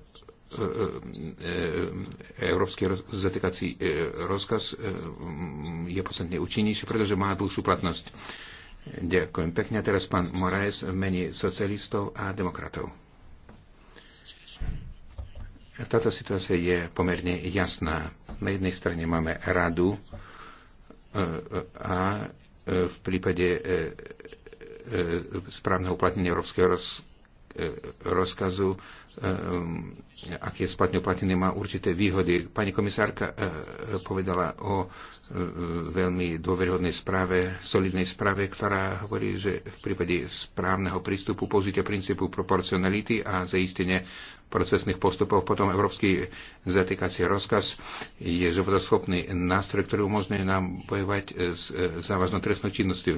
S5: európsky zatýkací rozkaz je podstatne účinnejší, pretože má dlhšiu platnosť. Ďakujem pekne. teraz pán Moraes v mene socialistov a demokratov. Táto situácia je pomerne jasná. Na jednej strane máme radu a v prípade správneho uplatnenia európskeho rozkazu E, rozkazu, e, um, ak je splatňou uplatnený, má určité výhody. Pani komisárka e, povedala o veľmi dôveryhodnej správe, solidnej správe, ktorá hovorí, že v prípade správneho prístupu použitia princípu proporcionality a zaistenie procesných postupov, potom Európsky zatýkací rozkaz je životoschopný nástroj, ktorý umožňuje nám bojovať s závažnou trestnou činnosťou.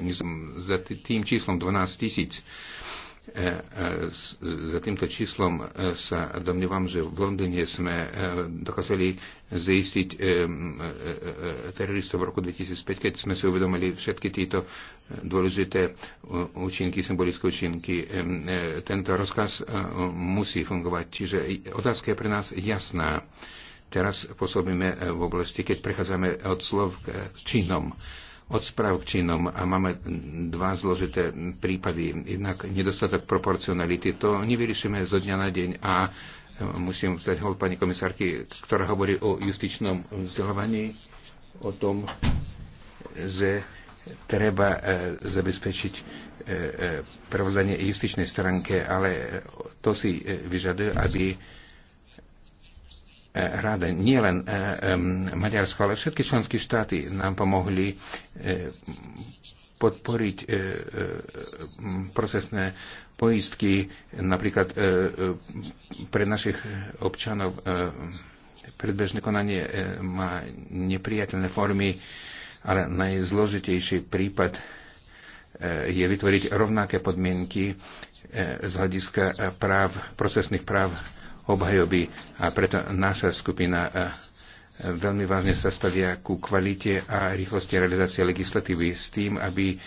S5: Za tým číslom 12 tisíc E, e, za týmto číslom e, sa domnievam, že v Londýne sme dokázali zaistiť teroristov v roku 2005, keď sme si uvedomili všetky tieto dôležité účinky, symbolické účinky. Tento rozkaz musí fungovať. Čiže otázka je pre nás jasná. Teraz pôsobíme v oblasti, keď prechádzame od slov k činom od správ k činom a máme dva zložité prípady. Jednak nedostatok proporcionality, to nevyriešime zo dňa na deň a musím vzdať hol pani komisárky, ktorá hovorí o justičnom vzdelávaní, o tom, že treba e, zabezpečiť e, e, prevládanie justičnej stránke, ale to si vyžaduje, aby E, rada, nielen e, Maďarsko, ale všetky členské štáty nám pomohli e, podporiť procesné poistky napríklad pre našich občanov predbežné konanie má nepriateľné formy, ale najzložitejší prípad je vytvoriť rovnaké podmienky z hľadiska práv, procesných práv obhajoby. A preto naša skupina e, veľmi vážne sa stavia ku kvalite a rýchlosti realizácie legislatívy s tým, aby e,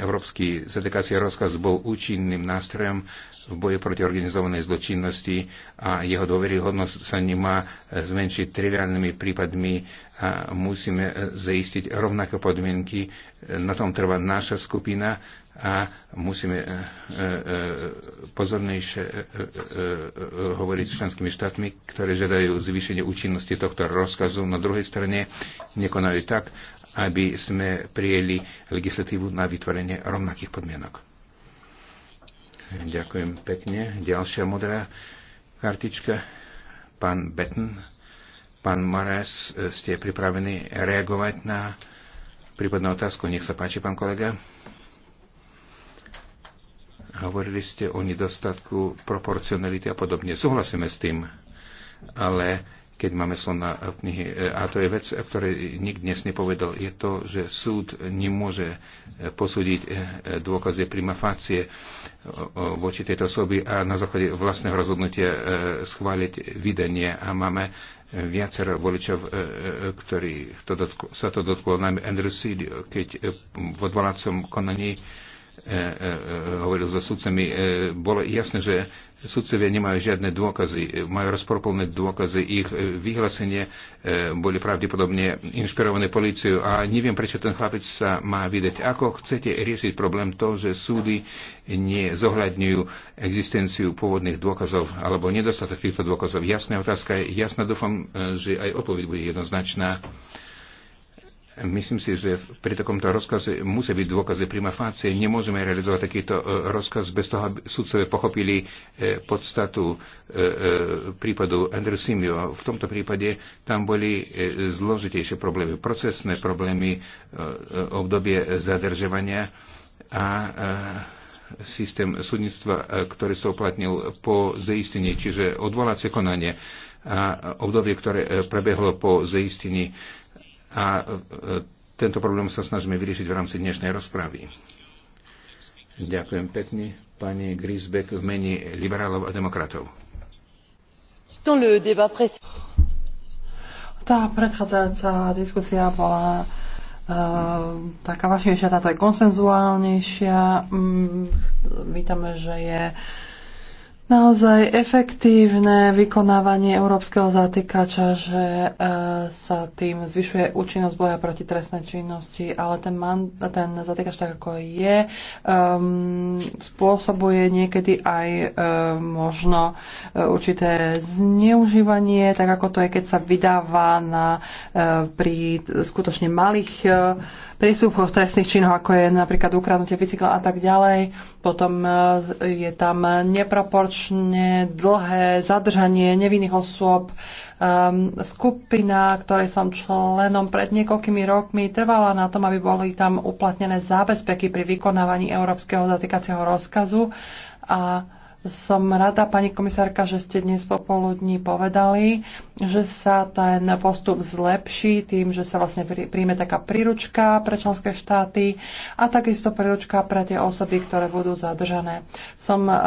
S5: európsky zadekácia rozkaz bol účinným nástrojom v boji proti organizovanej zločinnosti a jeho dôveryhodnosť sa nemá e, zmenšiť triviálnymi prípadmi a musíme zaistiť rovnaké podmienky. Na tom trvá naša skupina a musíme e, e, e, pozornejšie hovoriť s členskými štátmi, ktoré žiadajú zvýšenie účinnosti tohto rozkazu. Na druhej strane nekonajú tak, aby sme prijeli legislatívu na vytvorenie rovnakých podmienok. Ďakujem pekne. Ďalšia modrá kartička. Pán Betten, pán Mares, ste pripravení reagovať na prípadnú otázku? Nech sa páči, pán kolega. Hovorili ste o nedostatku proporcionality a podobne. Súhlasíme s tým, ale keď máme slona v knihy, e, a to je vec, o e, ktorej nikdy dnes nepovedal, je to, že súd nemôže e, posúdiť dôkazy prima facie voči tejto osoby a na základe vlastného rozhodnutia schváliť videnie. a máme viacero voličov, ktorých to dotklo, sa to dotklo, najmä Andrew Seed, keď v odvolacom konaní E, e, e, hovoril so sudcami, bolo jasné, že sudcovia nemajú žiadne dôkazy, majú rozporplné dôkazy, ich vyhlásenie boli pravdepodobne inšpirované policiou a neviem, prečo ten chlapec sa má vydať. Ako chcete riešiť problém to, že súdy nezohľadňujú existenciu pôvodných dôkazov alebo nedostatok týchto dôkazov? Jasná otázka je, jasná dúfam, že aj odpoveď bude jednoznačná. Myslím si, že pri takomto rozkaze musia byť dôkazy prima facie. Nemôžeme realizovať takýto e, rozkaz bez toho, aby sudcovia pochopili e, podstatu e, prípadu Andrew Simio. V tomto prípade tam boli zložitejšie problémy, procesné problémy, obdobie zadržovania a systém súdnictva, ktorý sa uplatnil po zaistení, čiže odvolacie konanie a obdobie, ktoré prebehlo po zaistení a e, tento problém sa snažíme vyriešiť v rámci dnešnej rozpravy. Ďakujem pekne, pani Grisbeck v mene liberálov a demokratov.
S6: Tá predchádzajúca diskusia bola e, taká vašejšia, táto je konsenzuálnejšia. Mm, vítame, že je naozaj efektívne vykonávanie európskeho zatýkača, že e, sa tým zvyšuje účinnosť boja proti trestnej činnosti, ale ten, man, ten zatýkač tak ako je, e, spôsobuje niekedy aj e, možno e, určité zneužívanie, tak ako to je, keď sa vydáva na, e, pri skutočne malých e, priestupkov trestných činov, ako je napríklad ukradnutie bicykla a tak ďalej. Potom e, je tam neproporčne dlhé zadržanie nevinných osôb. E, skupina, ktorej som členom pred niekoľkými rokmi, trvala na tom, aby boli tam uplatnené zábezpeky pri vykonávaní európskeho zatýkacieho rozkazu a som rada, pani komisárka, že ste dnes popoludní povedali, že sa ten postup zlepší tým, že sa vlastne príjme taká príručka pre členské štáty a takisto príručka pre tie osoby, ktoré budú zadržané. Som uh,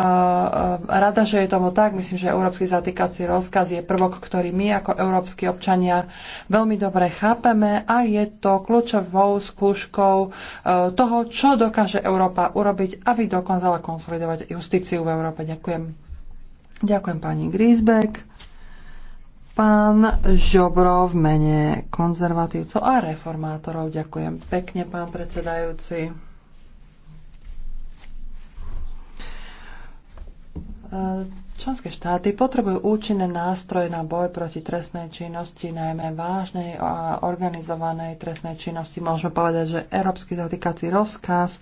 S6: rada, že je tomu tak. Myslím, že Európsky zatýkací rozkaz je prvok, ktorý my ako európsky občania veľmi dobre chápeme a je to kľúčovou skúškou uh, toho, čo dokáže Európa urobiť, aby dokázala konsolidovať justíciu v Európe. Ďakujem. Ďakujem pani Grisbeck. Pán Žobro v mene konzervatívcov a reformátorov. Ďakujem pekne, pán predsedajúci. E, členské štáty potrebujú účinné nástroje na boj proti trestnej činnosti, najmä vážnej a organizovanej trestnej činnosti. Môžeme povedať, že Európsky zatýkací rozkaz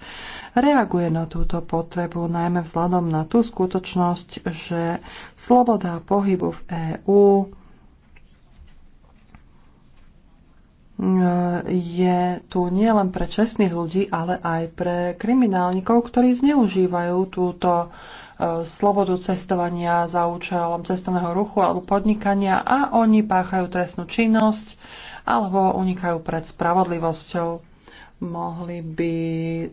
S6: reaguje na túto potrebu, najmä vzhľadom na tú skutočnosť, že sloboda pohybu v EÚ e, je tu nielen pre čestných ľudí, ale aj pre kriminálnikov, ktorí zneužívajú túto E, slobodu cestovania za účelom cestovného ruchu alebo podnikania a oni páchajú trestnú činnosť alebo unikajú pred spravodlivosťou. Mohli by e,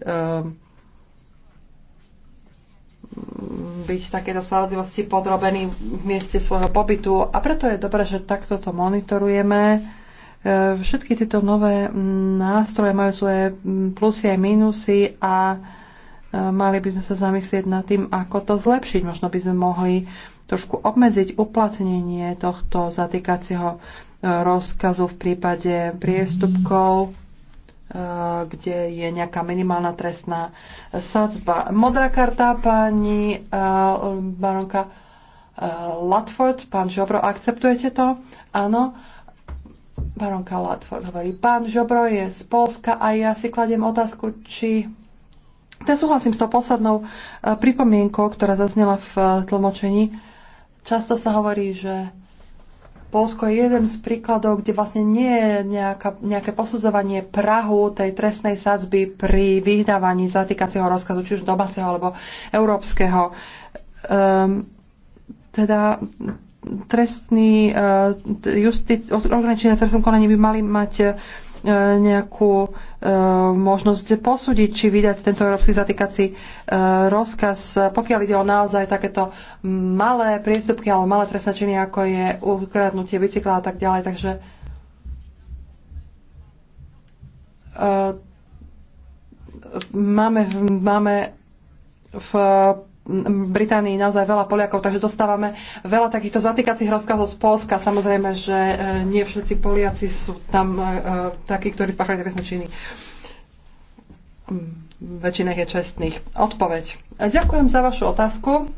S6: byť takéto spravodlivosti podrobení v mieste svojho pobytu a preto je dobré, že takto to monitorujeme. E, všetky tieto nové nástroje majú svoje plusy aj minusy a mali by sme sa zamyslieť nad tým, ako to zlepšiť. Možno by sme mohli trošku obmedziť uplatnenie tohto zatýkacieho e, rozkazu v prípade priestupkov, e, kde je nejaká minimálna trestná sadzba. Modrá karta pani e, baronka Latford, pán Žobro, akceptujete to? Áno. Baronka Latford hovorí, pán Žobro je z Polska a ja si kladiem otázku, či teda súhlasím s tou poslednou e, pripomienkou, ktorá zaznela v e, tlmočení. Často sa hovorí, že Polsko je jeden z príkladov, kde vlastne nie je nejaká, nejaké posudzovanie Prahu tej trestnej sadzby pri vydávaní zatýkacieho rozkazu, či už domáceho alebo európskeho. Um, teda trestný uh, justi- ohraničenie trestnom konaní by mali mať uh, E, nejakú e, možnosť posúdiť, či vydať tento európsky zatýkací e, rozkaz, pokiaľ ide o naozaj takéto malé priestupky alebo malé trestné činy, ako je ukradnutie bicykla a tak ďalej. Takže máme, máme v Británii naozaj veľa Poliakov, takže dostávame veľa takýchto zatýkacích rozkazov z Polska. Samozrejme, že e, nie všetci Poliaci sú tam e, e, takí, ktorí spáchali trestné činy. Mm, väčšina je čestných. Odpoveď. Ďakujem za vašu otázku.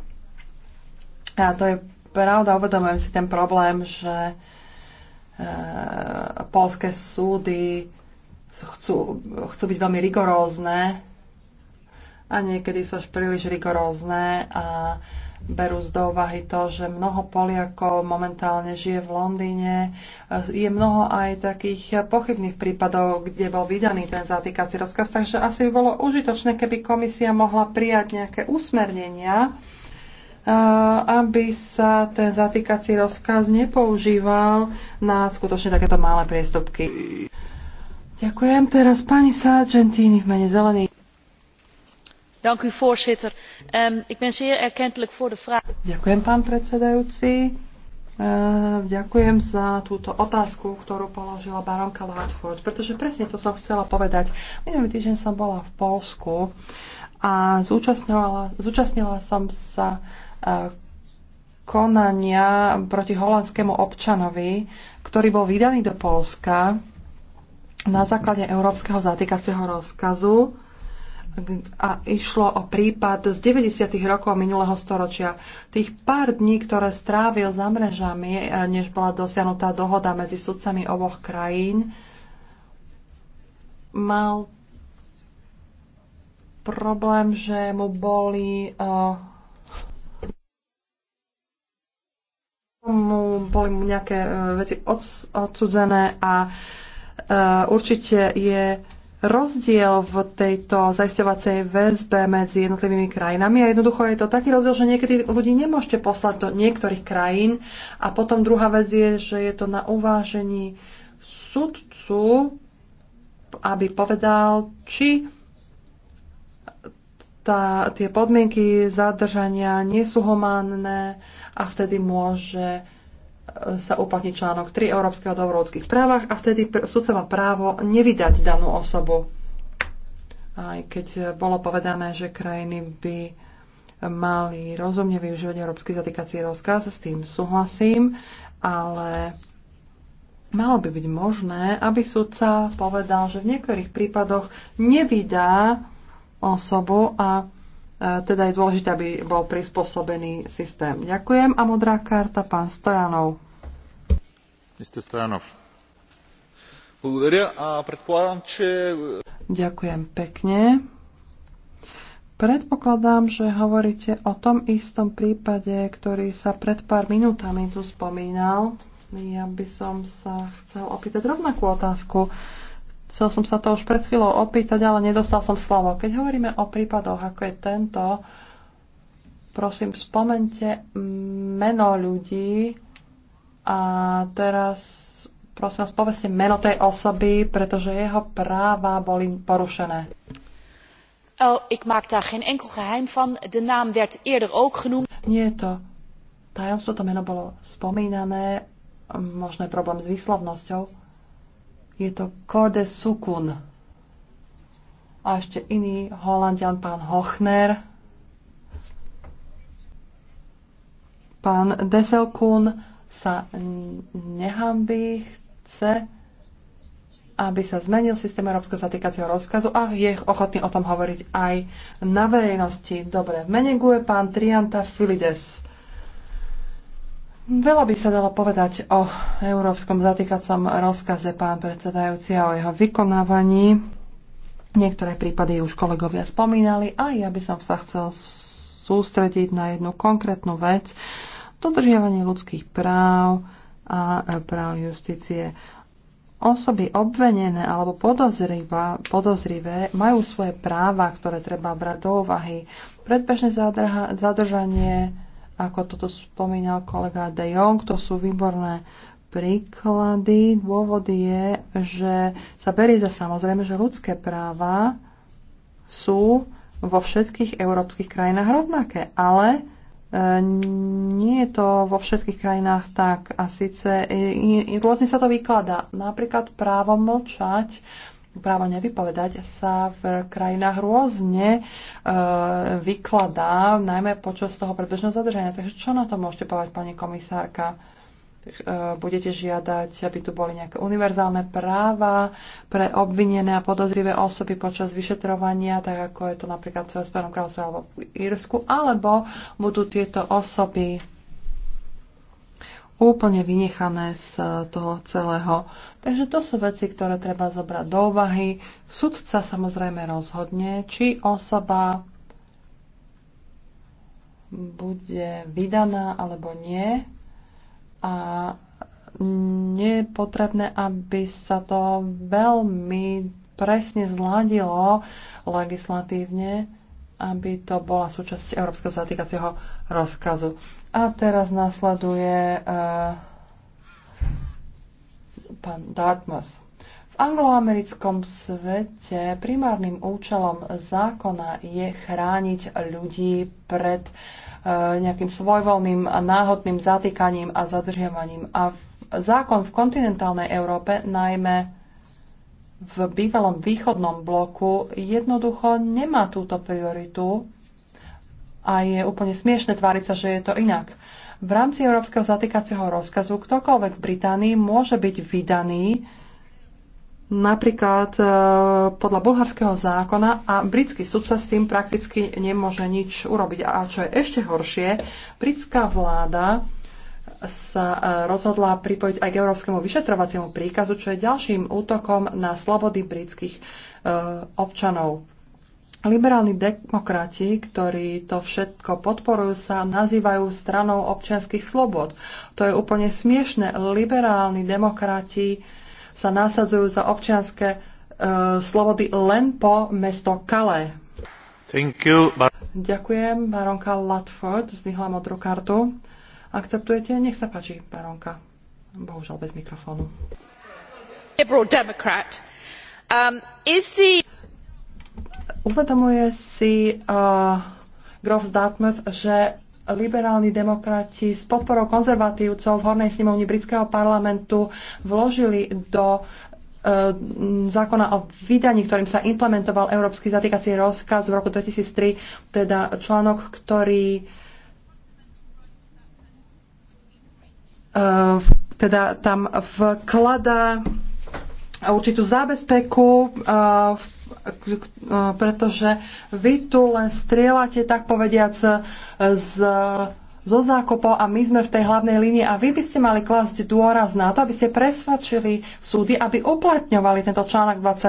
S6: A to je pravda, uvedomujem si ten problém, že polské súdy chcú, chcú byť veľmi rigorózne a niekedy sú až príliš rigorózne a berú z do úvahy to, že mnoho Poliakov momentálne žije v Londýne. Je mnoho aj takých pochybných prípadov, kde bol vydaný ten zatýkací rozkaz, takže asi by bolo užitočné, keby komisia mohla prijať nejaké usmernenia, eh, aby sa ten zatýkací rozkaz nepoužíval na skutočne takéto malé priestupky. Ďakujem teraz pani Sargentini v mene Zelených
S1: voorzitter ehm, ik ben zeer erkentelijk voor de vraag.
S6: ďakujem pán predsedajúci ehm, ďakujem za túto otázku ktorú položila barónka ludford pretože presne to som chcela povedať minulý týždeň som bola v poľsku a zúčastnila, zúčastnila som sa e, konania proti holandskému občanovi ktorý bol vydaný do poľska na základe európskeho zatýkacieho rozkazu a išlo o prípad z 90. rokov minulého storočia. Tých pár dní, ktoré strávil za mrežami, eh, než bola dosiahnutá dohoda medzi sudcami oboch krajín, mal problém, že mu boli uh, mu boli mu nejaké uh, veci odsudzené a uh, určite je rozdiel v tejto zaisťovacej väzbe medzi jednotlivými krajinami a jednoducho je to taký rozdiel, že niekedy ľudí nemôžete poslať do niektorých krajín a potom druhá vec je, že je to na uvážení sudcu, aby povedal, či tá, tie podmienky zadržania nie sú humánne a vtedy môže sa uplatní článok 3 Európskeho dohovoru o ľudských právach a vtedy sudca má právo nevydať danú osobu. Aj keď bolo povedané, že krajiny by mali rozumne využívať európsky zatýkací rozkaz, s tým súhlasím, ale malo by byť možné, aby sudca povedal, že v niektorých prípadoch nevydá osobu a teda je dôležité, aby bol prispôsobený systém. Ďakujem. A modrá karta, pán Stojanov.
S5: Mr. Stojanov.
S6: Ďakujem pekne. Predpokladám, že hovoríte o tom istom prípade, ktorý sa pred pár minútami tu spomínal. Ja by som sa chcel opýtať rovnakú otázku. Uh, Chcel som sa to už pred chvíľou opýtať, ale nedostal som slovo. Keď hovoríme o prípadoch, ako je tento, prosím, spomente meno ľudí a teraz prosím vás, povedzte meno tej osoby, pretože jeho práva boli porušené.
S1: Oh, ik maak daar geen enkel geheim van. De naam werd eerder ook genoemd.
S6: Nie je to tajomstvo, to meno bolo spomínané, možno je problém s výslovnosťou. Je to Corde Sukun. A ešte iný holandian, pán Hochner. Pán Deselkun sa nehambí, chce, aby sa zmenil systém európskeho zatýkacieho rozkazu a je ochotný o tom hovoriť aj na verejnosti. Dobre, v mene pán Trianta Filides. Veľa by sa dalo povedať o európskom zatýkacom rozkaze pán predsedajúci a o jeho vykonávaní. Niektoré prípady už kolegovia spomínali a ja by som sa chcel sústrediť na jednu konkrétnu vec. Dodržiavanie ľudských práv a práv justície. Osoby obvenené alebo podozrivé majú svoje práva, ktoré treba brať do úvahy. Predbežné zadržanie, ako toto spomínal kolega De Jong, to sú výborné príklady. Dôvod je, že sa berie za samozrejme, že ľudské práva sú vo všetkých európskych krajinách rovnaké, ale e, nie je to vo všetkých krajinách tak. A síce e, rôzne sa to vykladá. Napríklad právo mlčať právo nevypovedať sa v krajinách rôzne e, vykladá, najmä počas toho predbežného zadržania. Takže čo na to môžete povedať, pani komisárka? E, budete žiadať, aby tu boli nejaké univerzálne práva pre obvinené a podozrivé osoby počas vyšetrovania, tak ako je to napríklad v Spojenom kráľovstve alebo v Írsku, alebo budú tieto osoby úplne vynechané z e, toho celého. Takže to sú veci, ktoré treba zobrať do úvahy. Sudca samozrejme rozhodne, či osoba bude vydaná alebo nie. A nie je potrebné, aby sa to veľmi presne zladilo legislatívne, aby to bola súčasť Európskeho zatýkacieho rozkazu. A teraz nasleduje uh, pán Dartmouth. V angloamerickom svete primárnym účelom zákona je chrániť ľudí pred uh, nejakým svojvoľným a náhodným zatýkaním a zadržiavaním. A zákon v kontinentálnej Európe, najmä v bývalom východnom bloku, jednoducho nemá túto prioritu a je úplne smiešne tváriť sa, že je to inak. V rámci európskeho zatýkacieho rozkazu ktokoľvek v Británii môže byť vydaný napríklad e, podľa bulharského zákona a britský súd sa s tým prakticky nemôže nič urobiť. A čo je ešte horšie, britská vláda sa e, rozhodla pripojiť aj k európskemu vyšetrovaciemu príkazu, čo je ďalším útokom na slobody britských e, občanov. Liberálni demokrati, ktorí to všetko podporujú, sa nazývajú stranou občianských slobod. To je úplne smiešne. Liberálni demokrati sa nasadzujú za občianské e, slobody len po mesto kale. Ďakujem, baronka Latford, zdvihla modrú kartu. Akceptujete? Nech sa páči, baronka. Bohužiaľ bez mikrofónu.
S1: Liberal Democrat. Um, is the
S6: Uvedomuje si uh, Grof Dartmouth, že liberálni demokrati s podporou konzervatívcov v hornej snemovni britského parlamentu vložili do eh, zákona o vydaní, ktorým sa implementoval Európsky zatýkací rozkaz v roku 2003, teda článok, ktorý eh, teda tam vklada určitú zábezpeku v E, pretože vy tu len strieľate, tak povediac, e, z, zo zákopov a my sme v tej hlavnej línii a vy by ste mali klásť dôraz na to, aby ste presvedčili súdy, aby uplatňovali tento článok 21 e,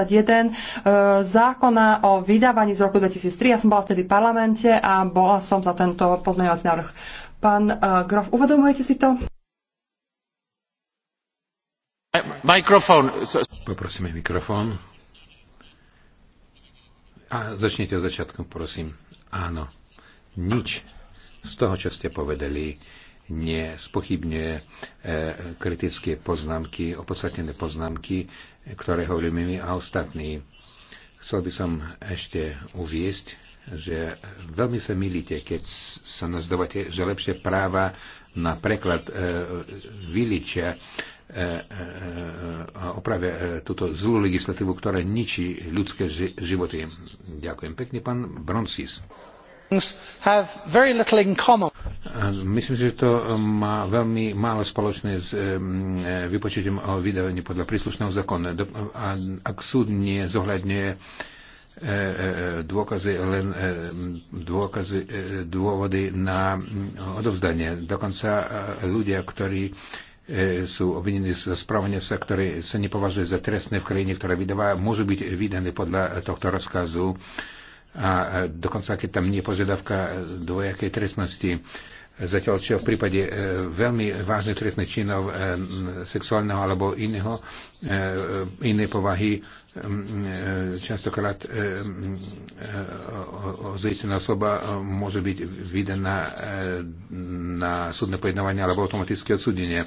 S6: zákona o vydávaní z roku 2003. Ja som bola vtedy v parlamente a bola som za tento pozmeňovací návrh. Pán e, Grof, uvedomujete si to?
S5: Mikrofón. Poprosíme mikrofón. A začnite od začiatku, prosím. Áno, nič z toho, čo ste povedali, nespochybňuje e, kritické poznámky, opodstatnené poznámky, ktoré hovoríme my a ostatní. Chcel by som ešte uviesť, že veľmi sa milíte, keď sa nazdávate, že lepšie práva na preklad e, vyličia E, e, e, a opravia túto zlú legislatívu, ktorá ničí ľudské životy. Ďakujem pekne, pán Broncis. Myslím si, že to má veľmi málo spoločné s vypočutím o vydávaní podľa príslušného zákona. A ak súd nie nezohľadňuje dôkazy, len dôkazy, dôvody na odovzdanie. Dokonca ľudia, ktorí E, sú obvinení z správania sa, ktoré sa nepovažuje za trestné v krajine, ktoré vydáva, môžu byť vydané podľa tohto rozkazu a dokonca keď tam nie je požiadavka dvojakej trestnosti. Zatiaľ čo v prípade e, veľmi vážnych trestných činov e, sexuálneho alebo iného, inej povahy Ehm, ehm, častokrát ehm, zistená osoba môže byť vydaná na súdne pojednávanie alebo automatické odsudenie.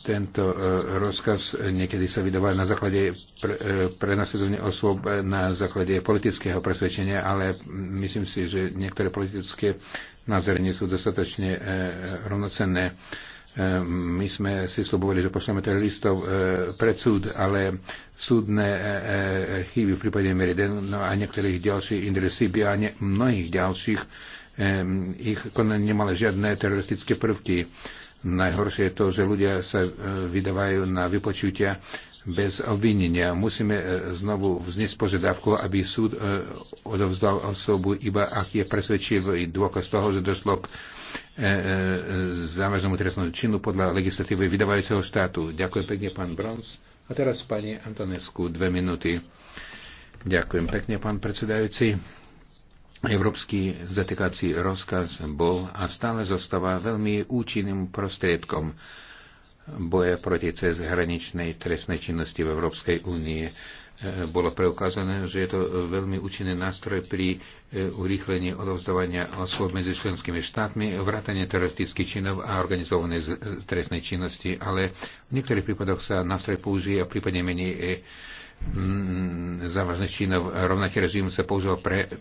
S5: Tento e, rozkaz niekedy sa vydáva na základe e, prenasledovania osôb na základe politického presvedčenia, ale myslím si, že niektoré politické názory nie sú dostatočne e, rovnocenné. E, my sme si slobovali, že pošleme teroristov e, pred súd, ale súdne e, chyby v prípade Meriden no a niektorých ďalších, Indresíby a mnohých ďalších, ich konanie nemali žiadne teroristické prvky. Najhoršie je to, že ľudia sa vydávajú na vypočutia bez obvinenia. Musíme e, znovu vzniesť požiadavku, aby súd e, odovzdal osobu iba ak je presvedčivý dôkaz toho, že došlo k e, závažnému trestnému činu podľa legislatívy vydávajúceho štátu. Ďakujem pekne, pán Brons. A teraz pani Antonesku, dve minúty. Ďakujem pekne, pán predsedajúci. Európsky zatýkací rozkaz bol a stále zostáva veľmi účinným prostriedkom boja proti cezhraničnej trestnej činnosti v Európskej únie. E, bolo preukázané, že je to veľmi účinný nástroj pri e, urýchlení odovzdávania osôb medzi členskými štátmi, vrátanie teroristických činov a organizovanej e, trestnej činnosti, ale v niektorých prípadoch sa nástroj použije a v prípade menej závažných činov rovnaký režim sa používal pre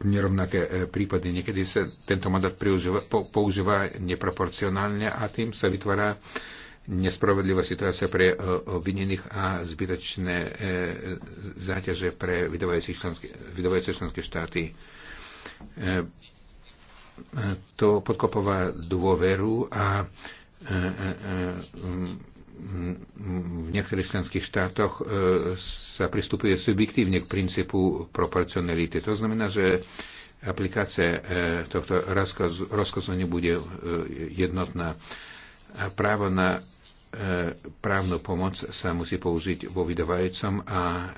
S5: nerovnaké prípady. Niekedy sa tento mandát používa, používa neproporcionálne a tým sa vytvára nespravedlivá situácia pre e, obvinených a zbytočné e, záťaže pre vydavajúce členské štáty. E, to podkopáva dôveru a v niektorých členských štátoch sa pristupuje subjektívne k princípu proporcionality. To znamená, že aplikácia tohto rozkazu nebude jednotná. A právo na E, právnu pomoc sa musí použiť vo vydávajúcom a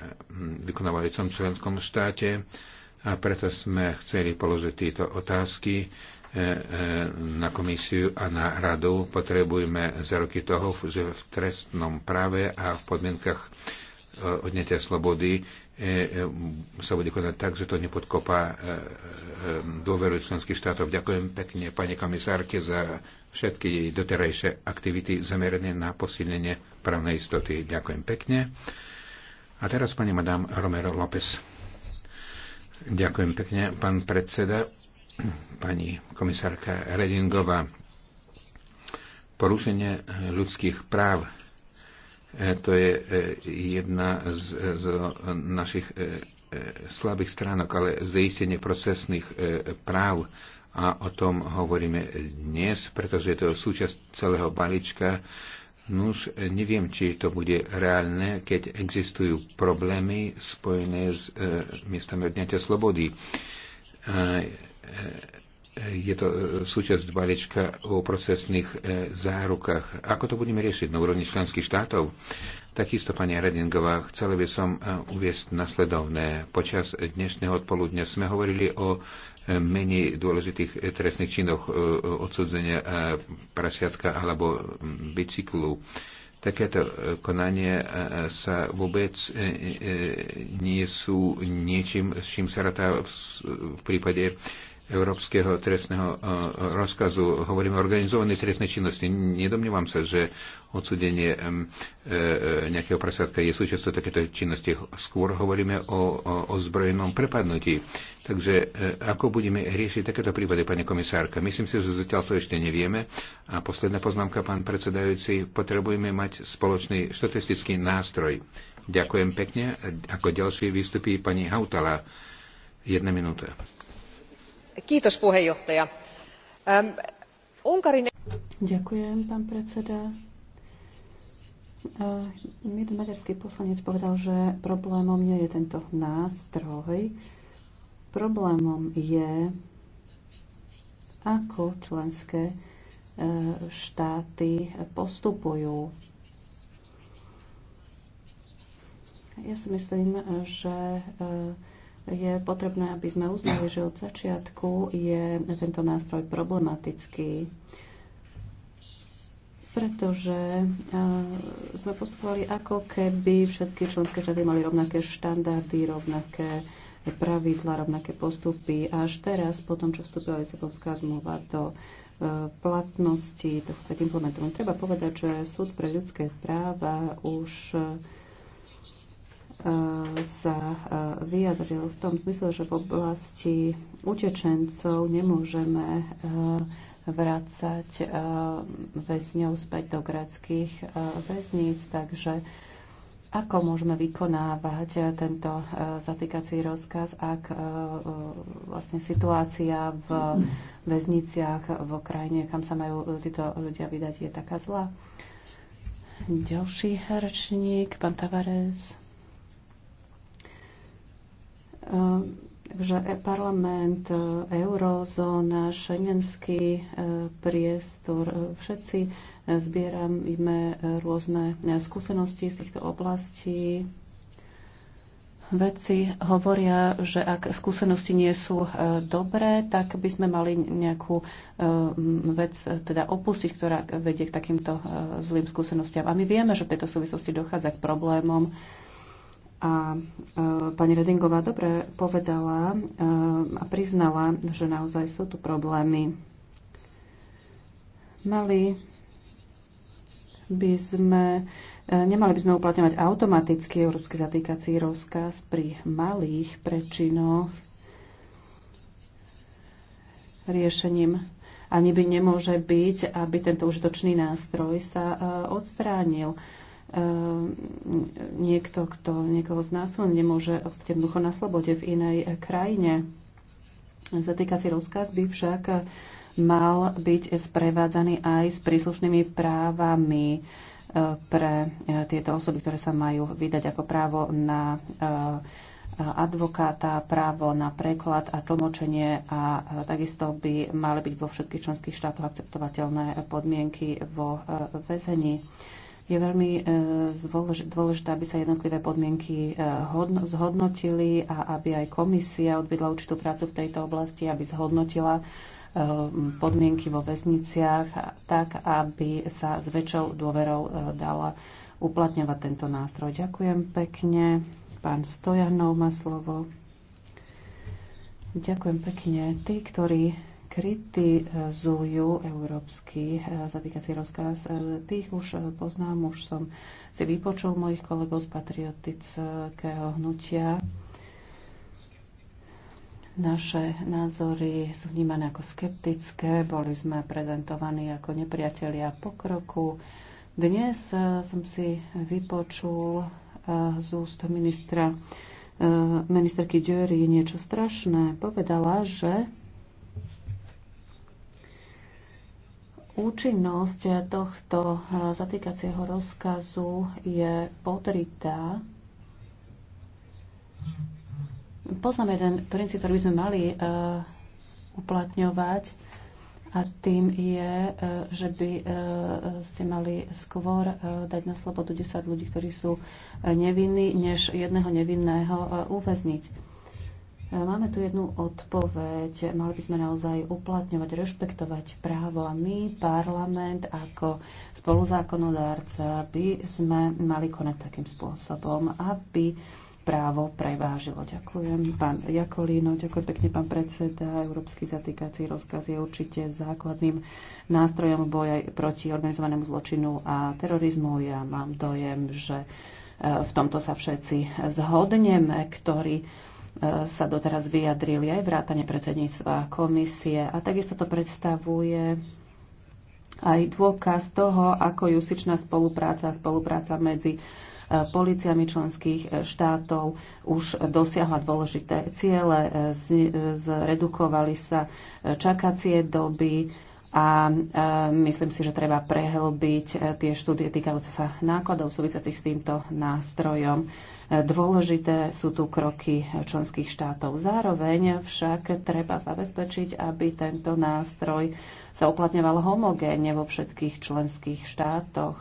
S5: vykonávajúcom členskom štáte a preto sme chceli položiť tieto otázky e, e, na komisiu a na radu. Potrebujeme za roky toho, že v trestnom práve a v podmienkach Eh, odnetia slobody eh, eh, sa bude konať tak, že to nepodkopá dôveru členských štátov. Ďakujem pekne pani komisárke za všetky jej doterajšie aktivity zamerané na posilnenie právnej istoty. Ďakujem pekne. A teraz pani madám Romero López. Ďakujem pekne, pán predseda, pani komisárka Redingová. Porušenie ľudských práv E, to je e, jedna z, z našich e, slabých stránok, ale zaistenie procesných práv a o tom hovoríme dnes, pretože to je súčasť celého balíčka. už neviem, či to bude reálne, keď existujú problémy spojené s e, miestami odňatia slobody. E, e, je to e, súčasť balíčka o procesných e, zárukách. Ako to budeme riešiť na úrovni členských štátov? Takisto, pani Redingová, chcela by som e, uviesť nasledovné. Počas dnešného odpoludňa sme hovorili o menej dôležitých trestných činoch odsudzenia prasiatka alebo bicyklu takéto konanie sa vôbec nie sú niečím, s čím sa ratá v prípade Európskeho trestného eh, rozkazu. Hovoríme o organizovanej trestnej činnosti. Nedomnievam sa, že odsudenie eh, eh, nejakého prasátka je súčasťou takéto činnosti. Skôr hovoríme o, o, o zbrojenom prepadnutí. Takže ako budeme riešiť takéto prípady, pani komisárka? Myslím si, že zatiaľ to ešte nevieme. A posledná poznámka, pán predsedajúci, potrebujeme mať spoločný štatistický nástroj. Ďakujem pekne. Ako ďalší vystupí pani Hautala. Jedna minúta.
S3: Ďakujem,
S4: pán predseda. Äh, jeden maďarský poslanec povedal, že problémom nie je tento nástroj. Problémom je, ako členské äh, štáty postupujú. Ja si myslím, že äh, je potrebné, aby sme uznali, že od začiatku je tento nástroj problematický, pretože sme postupovali ako keby všetky členské štáty mali rovnaké štandardy, rovnaké pravidla, rovnaké postupy. Až teraz, po tom, čo vstúpila Lisabonská zmluva do e, platnosti, to sa implementovať. Treba povedať, že súd pre ľudské práva už E, sa e, vyjadril v tom smysle, že v oblasti utečencov nemôžeme e, vrácať väzňov späť do greckých väzníc, takže ako môžeme vykonávať tento zatýkací rozkaz, ak vlastne situácia v väzniciach v krajine, kam sa majú títo ľudia vydať, je taká zlá? Ďalší rečník, pán Tavares. Takže e, parlament, e, eurozóna, šengenský e, priestor, všetci zbierame rôzne skúsenosti z týchto oblastí. Vedci hovoria, že ak skúsenosti nie sú dobré, tak by sme mali nejakú vec teda opustiť, ktorá vedie k takýmto zlým skúsenostiam. A my vieme, že v tejto súvislosti dochádza k problémom a e, pani Redingová dobre povedala e, a priznala, že naozaj sú tu problémy. Mali by sme, e, nemali by sme uplatňovať automaticky európsky zatýkací rozkaz pri malých prečinoch. Riešením ani by nemôže byť, aby tento užitočný nástroj sa odstránil Ehm, niekto, kto niekoho znásilne nemôže ostať jednoducho na slobode v inej eh, krajine. Zatýkací rozkaz by však eh, mal byť sprevádzaný aj s príslušnými právami eh, pre tieto osoby, ktoré sa majú vydať ako právo na advokáta, právo na preklad a tlmočenie a takisto by mali byť vo všetkých členských štátoch akceptovateľné podmienky vo väzení. Je veľmi e, dôležité, aby sa jednotlivé podmienky e, zhodnotili a aby aj komisia odvedla určitú prácu v tejto oblasti, aby zhodnotila e, podmienky vo väzniciach tak, aby sa s väčšou dôverou dala uplatňovať tento nástroj. Ďakujem pekne. Pán Stojanov má slovo. Ďakujem pekne. Tí, ktorí kritizujú európsky eh, zatýkací rozkaz. Eh, tých už eh, poznám, už som si vypočul mojich kolegov z patriotického hnutia. Naše názory sú vnímané ako skeptické, boli sme prezentovaní ako nepriatelia pokroku. Dnes som si vypočul z úst ministra ministerky Dury niečo strašné. Povedala, že Účinnosť tohto eh, zatýkacieho rozkazu je podritá. Poznáme jeden princíp, ktorý by sme mali uh, uplatňovať a tým je, uh, že by uh, ste mali skôr uh, dať na slobodu 10 ľudí, ktorí sú uh, nevinní, než jedného nevinného uh, uväzniť. Máme tu jednu odpoveď. Mali by sme naozaj uplatňovať, rešpektovať právo a my, parlament, ako spoluzákonodárca, by sme mali konať takým spôsobom, aby právo prevážilo. Ďakujem, pán Jakolino, ďakujem pekne, pán predseda. Európsky zatýkací rozkaz je určite základným nástrojom boja proti organizovanému zločinu a terorizmu. Ja mám dojem, že eh, v tomto sa všetci zhodneme, ktorí E, sa doteraz vyjadrili aj vrátane predsedníctva komisie. A takisto to predstavuje aj dôkaz toho, ako justičná spolupráca a spolupráca medzi e, policiami členských e, štátov už dosiahla dôležité ciele, zredukovali sa čakacie doby, a e, myslím si, že treba prehlbiť e, tie štúdie týkajúce sa nákladov súvisiacich s týmto nástrojom. E, dôležité sú tu kroky členských štátov. Zároveň však treba zabezpečiť, aby tento nástroj sa uplatňoval homogénne vo všetkých členských štátoch.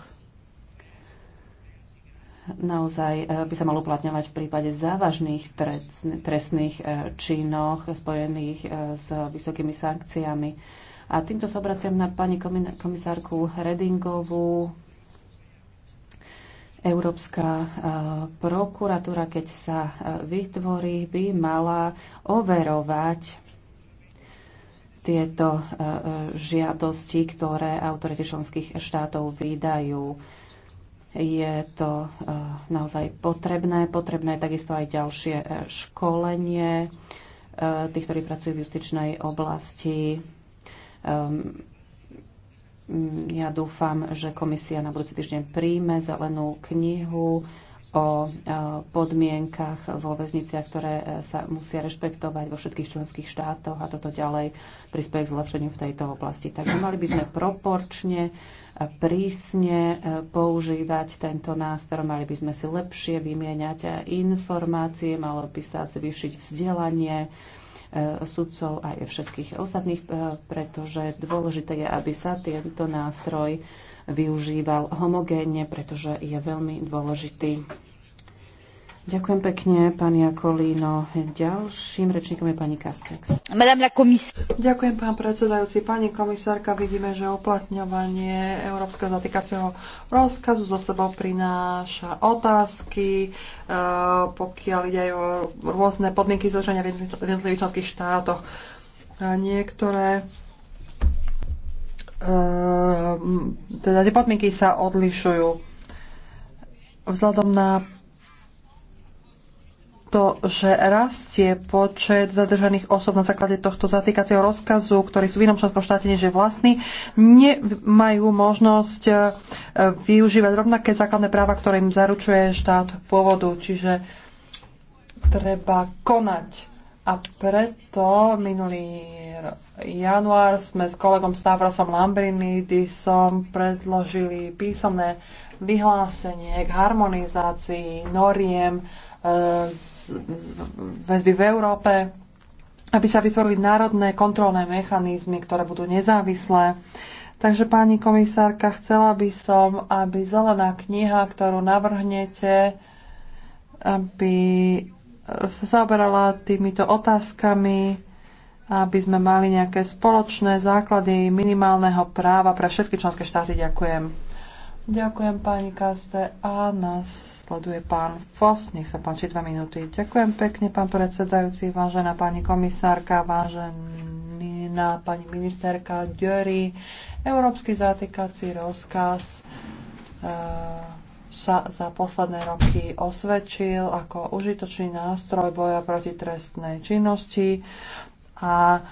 S4: Naozaj by sa mal uplatňovať v prípade závažných trestných činoch spojených s vysokými sankciami a týmto sa obraciam na pani komisárku Redingovú. Európska prokuratúra, keď sa vytvorí, by mala overovať tieto žiadosti, ktoré autority členských štátov vydajú. Je to naozaj potrebné. Potrebné je takisto aj ďalšie školenie tých, ktorí pracujú v justičnej oblasti. Ehm, ja dúfam, že komisia na budúci týždeň príjme zelenú knihu o e, podmienkach vo väzniciach, ktoré e, sa musia rešpektovať vo všetkých členských štátoch a toto ďalej prispieje k zlepšeniu v tejto oblasti. Takže mali by sme proporčne, prísne e, používať tento nástroj, mali by sme si lepšie vymieňať informácie, malo by sa zvýšiť vzdelanie, E, sudcov a aj všetkých ostatných, e, pretože dôležité je, aby sa tento nástroj využíval homogénne, pretože je veľmi dôležitý Ďakujem pekne, pani Akolino. Ďalším rečníkom je pani Kastex.
S6: Madame la Ďakujem, pán predsedajúci. Pani komisárka, vidíme, že uplatňovanie Európskeho zatýkacieho rozkazu za sebou prináša otázky, eh, pokiaľ ide aj o rôzne podmienky zadržania v jednotlivých členských štátoch. Niektoré eh, teda tie podmienky sa odlišujú. Vzhľadom na to, že rastie počet zadržaných osob na základe tohto zatýkacieho rozkazu, ktorí sú v inom členskom štáte než je vlastný, nemajú možnosť e, využívať rovnaké základné práva, ktoré im zaručuje štát pôvodu. Čiže treba konať. A preto minulý január sme s kolegom Stavrosom Lambrinidisom predložili písomné vyhlásenie k harmonizácii noriem väzby v Európe, aby sa vytvorili národné kontrolné mechanizmy, ktoré budú nezávislé. Takže pani komisárka, chcela by som, aby zelená kniha, ktorú navrhnete, aby sa zaoberala týmito otázkami, aby sme mali nejaké spoločné základy minimálneho práva pre všetky členské štáty. Ďakujem. Ďakujem pani Kaste a nás Sleduje pán Fos, nech sa páči dva minúty. Ďakujem pekne, pán predsedajúci, vážená pani komisárka, vážená pani ministerka Dury. Európsky zatýkací rozkaz e sa za posledné roky osvedčil ako užitočný nástroj boja proti trestnej činnosti a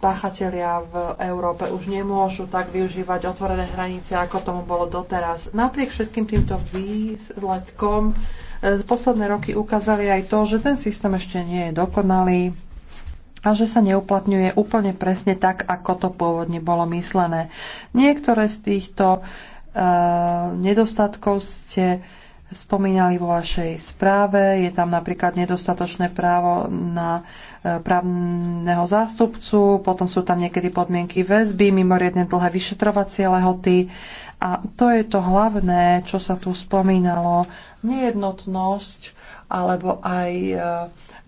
S6: páchatelia v Európe už nemôžu tak využívať otvorené hranice, ako tomu bolo doteraz. Napriek všetkým týmto výsledkom e, posledné roky ukázali aj to, že ten systém ešte nie je dokonalý a že sa neuplatňuje úplne presne tak, ako to pôvodne bolo myslené. Niektoré z týchto e, nedostatkov ste spomínali vo vašej správe. Je tam napríklad nedostatočné právo na právneho zástupcu, potom sú tam niekedy podmienky väzby, mimoriadne dlhé vyšetrovacie lehoty a to je to hlavné, čo sa tu spomínalo, nejednotnosť alebo aj e,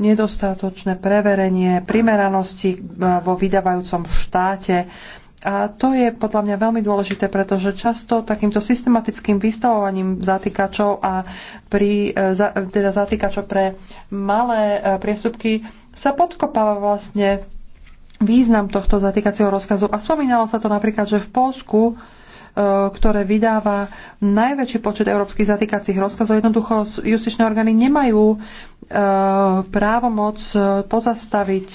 S6: nedostatočné preverenie primeranosti e, vo vydávajúcom štáte. A to je podľa mňa veľmi dôležité, pretože často takýmto systematickým vystavovaním zatýkačov a pri, e, teda zatýkačov pre malé e, priestupky sa podkopáva vlastne význam tohto zatýkacieho rozkazu. A spomínalo sa to napríklad, že v Polsku E, ktoré vydáva najväčší počet európskych zatýkacích rozkazov. Jednoducho justičné orgány nemajú e, právomoc e, pozastaviť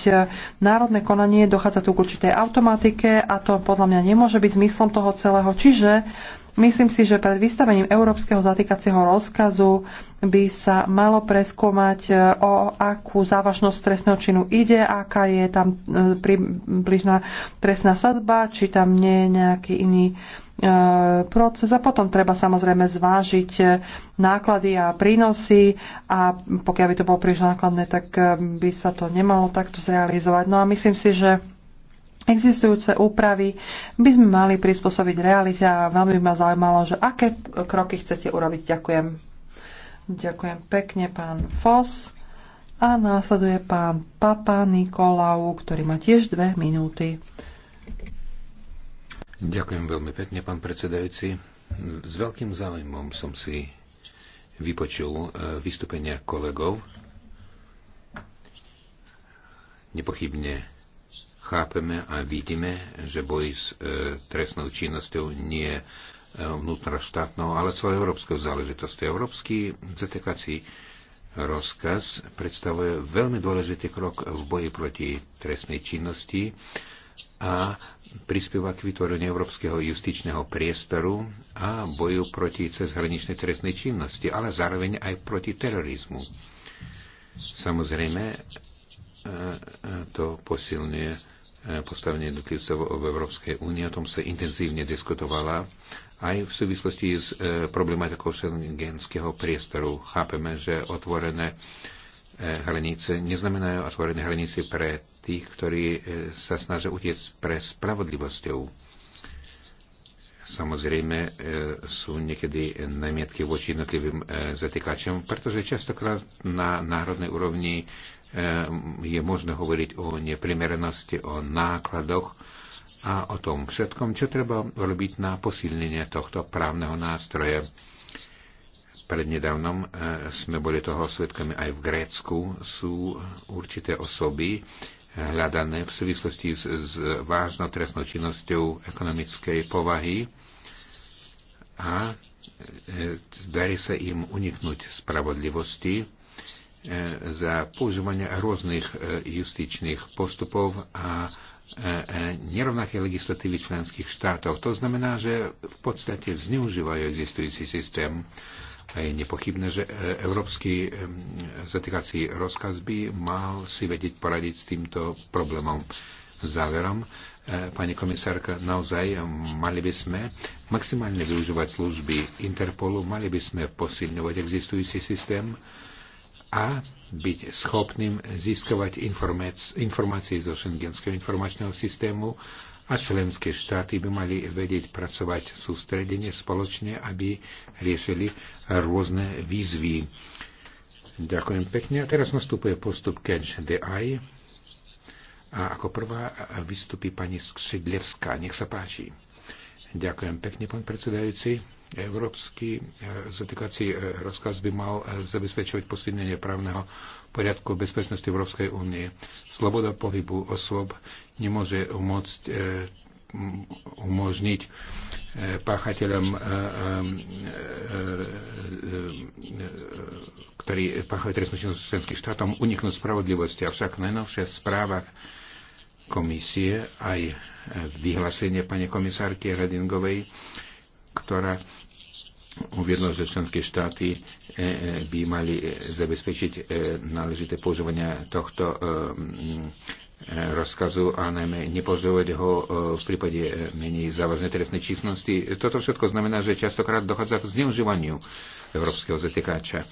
S6: národné konanie, dochádza tu k určitej automatike a to podľa mňa nemôže byť zmyslom toho celého. Čiže Myslím si, že pred vystavením európskeho zatýkacieho rozkazu by sa malo preskúmať, o akú závažnosť trestného činu ide, aká je tam približná trestná sadba, či tam nie je nejaký iný E, proces a potom treba samozrejme zvážiť e, náklady a prínosy a pokiaľ by to bolo príliš nákladné, tak e, by sa to nemalo takto zrealizovať. No a myslím si, že existujúce úpravy by sme mali prispôsobiť realite a veľmi by ma zaujímalo, že aké kroky chcete urobiť. Ďakujem. Ďakujem pekne, pán Foss. A následuje pán Papa Nikolau, ktorý má tiež dve minúty.
S5: Ďakujem veľmi pekne, pán predsedajúci. S veľkým záujmom som si vypočul e, vystúpenia kolegov. Nepochybne chápeme a vidíme, že boj s e, trestnou činnosťou nie je e, vnútroštátnou, ale európskou záležitosťou. Európsky zatekací rozkaz predstavuje veľmi dôležitý krok v boji proti trestnej činnosti a prispieva k vytvoreniu európskeho justičného priestoru a boju proti cezhraničnej trestnej činnosti, ale zároveň aj proti terorizmu. Samozrejme, e, e, to posilňuje e, postavenie jednotlivcov v Európskej únii. O tom sa intenzívne diskutovala aj v súvislosti s problematikou šengenského priestoru. Chápeme, že otvorené hranice neznamenajú otvorené hranice pre tých, ktorí e, sa snažia utiec pre spravodlivosťou. Samozrejme e, sú niekedy namietky voči jednotlivým e, zatýkačom, pretože častokrát na národnej úrovni je možné hovoriť o neprimeranosti, o nákladoch a o tom všetkom, čo treba robiť na posilnenie tohto právneho nástroja. Prednedávnom sme boli toho svetkami aj v Grécku. Sú určité osoby, hľadané v súvislosti s, s vážnou trestnou činnosťou ekonomickej povahy a e, darí sa im uniknúť spravodlivosti e, za používanie rôznych e, justičných postupov a nerovnaké legislatívy členských štátov. To znamená, že v podstate zneužívajú existujúci systém. A je nepochybné, že e, európsky e, zatýkací rozkaz by mal si vedieť poradiť s týmto problémom. Záverom, e, pani komisárka, naozaj mali by sme maximálne využívať služby Interpolu, mali by sme posilňovať existujúci systém a byť schopným získavať informácie zo šengenského informačného systému, a členské štáty by mali vedieť pracovať sústredenie spoločne, aby riešili rôzne výzvy. Ďakujem pekne. A teraz nastupuje postup Catch the Eye. A ako prvá vystupí pani Skřidlevská. Nech sa páči. Ďakujem pekne, pán predsedajúci. Európsky eh, zatýkací eh, rozkaz by mal eh, zabezpečovať posilnenie právneho poriadku bezpečnosti Európskej únie, sloboda pohybu osôb, nemôže umôcť, e, umožniť e, páchateľom, e, ktorí páchajú trestnú činnosť s členským štátom, uniknúť spravodlivosti. Avšak najnovšia správa komisie, aj vyhlásenie pani komisárky Redingovej, ktorá uviedla, že členské štáty by mali zabezpečiť náležité používania tohto rozkazu a najmä nepozovať ho e, v prípade e, menej závažnej trestnej čísnosti. Toto všetko znamená, že častokrát dochádza k zneužívaniu európskeho zatekača.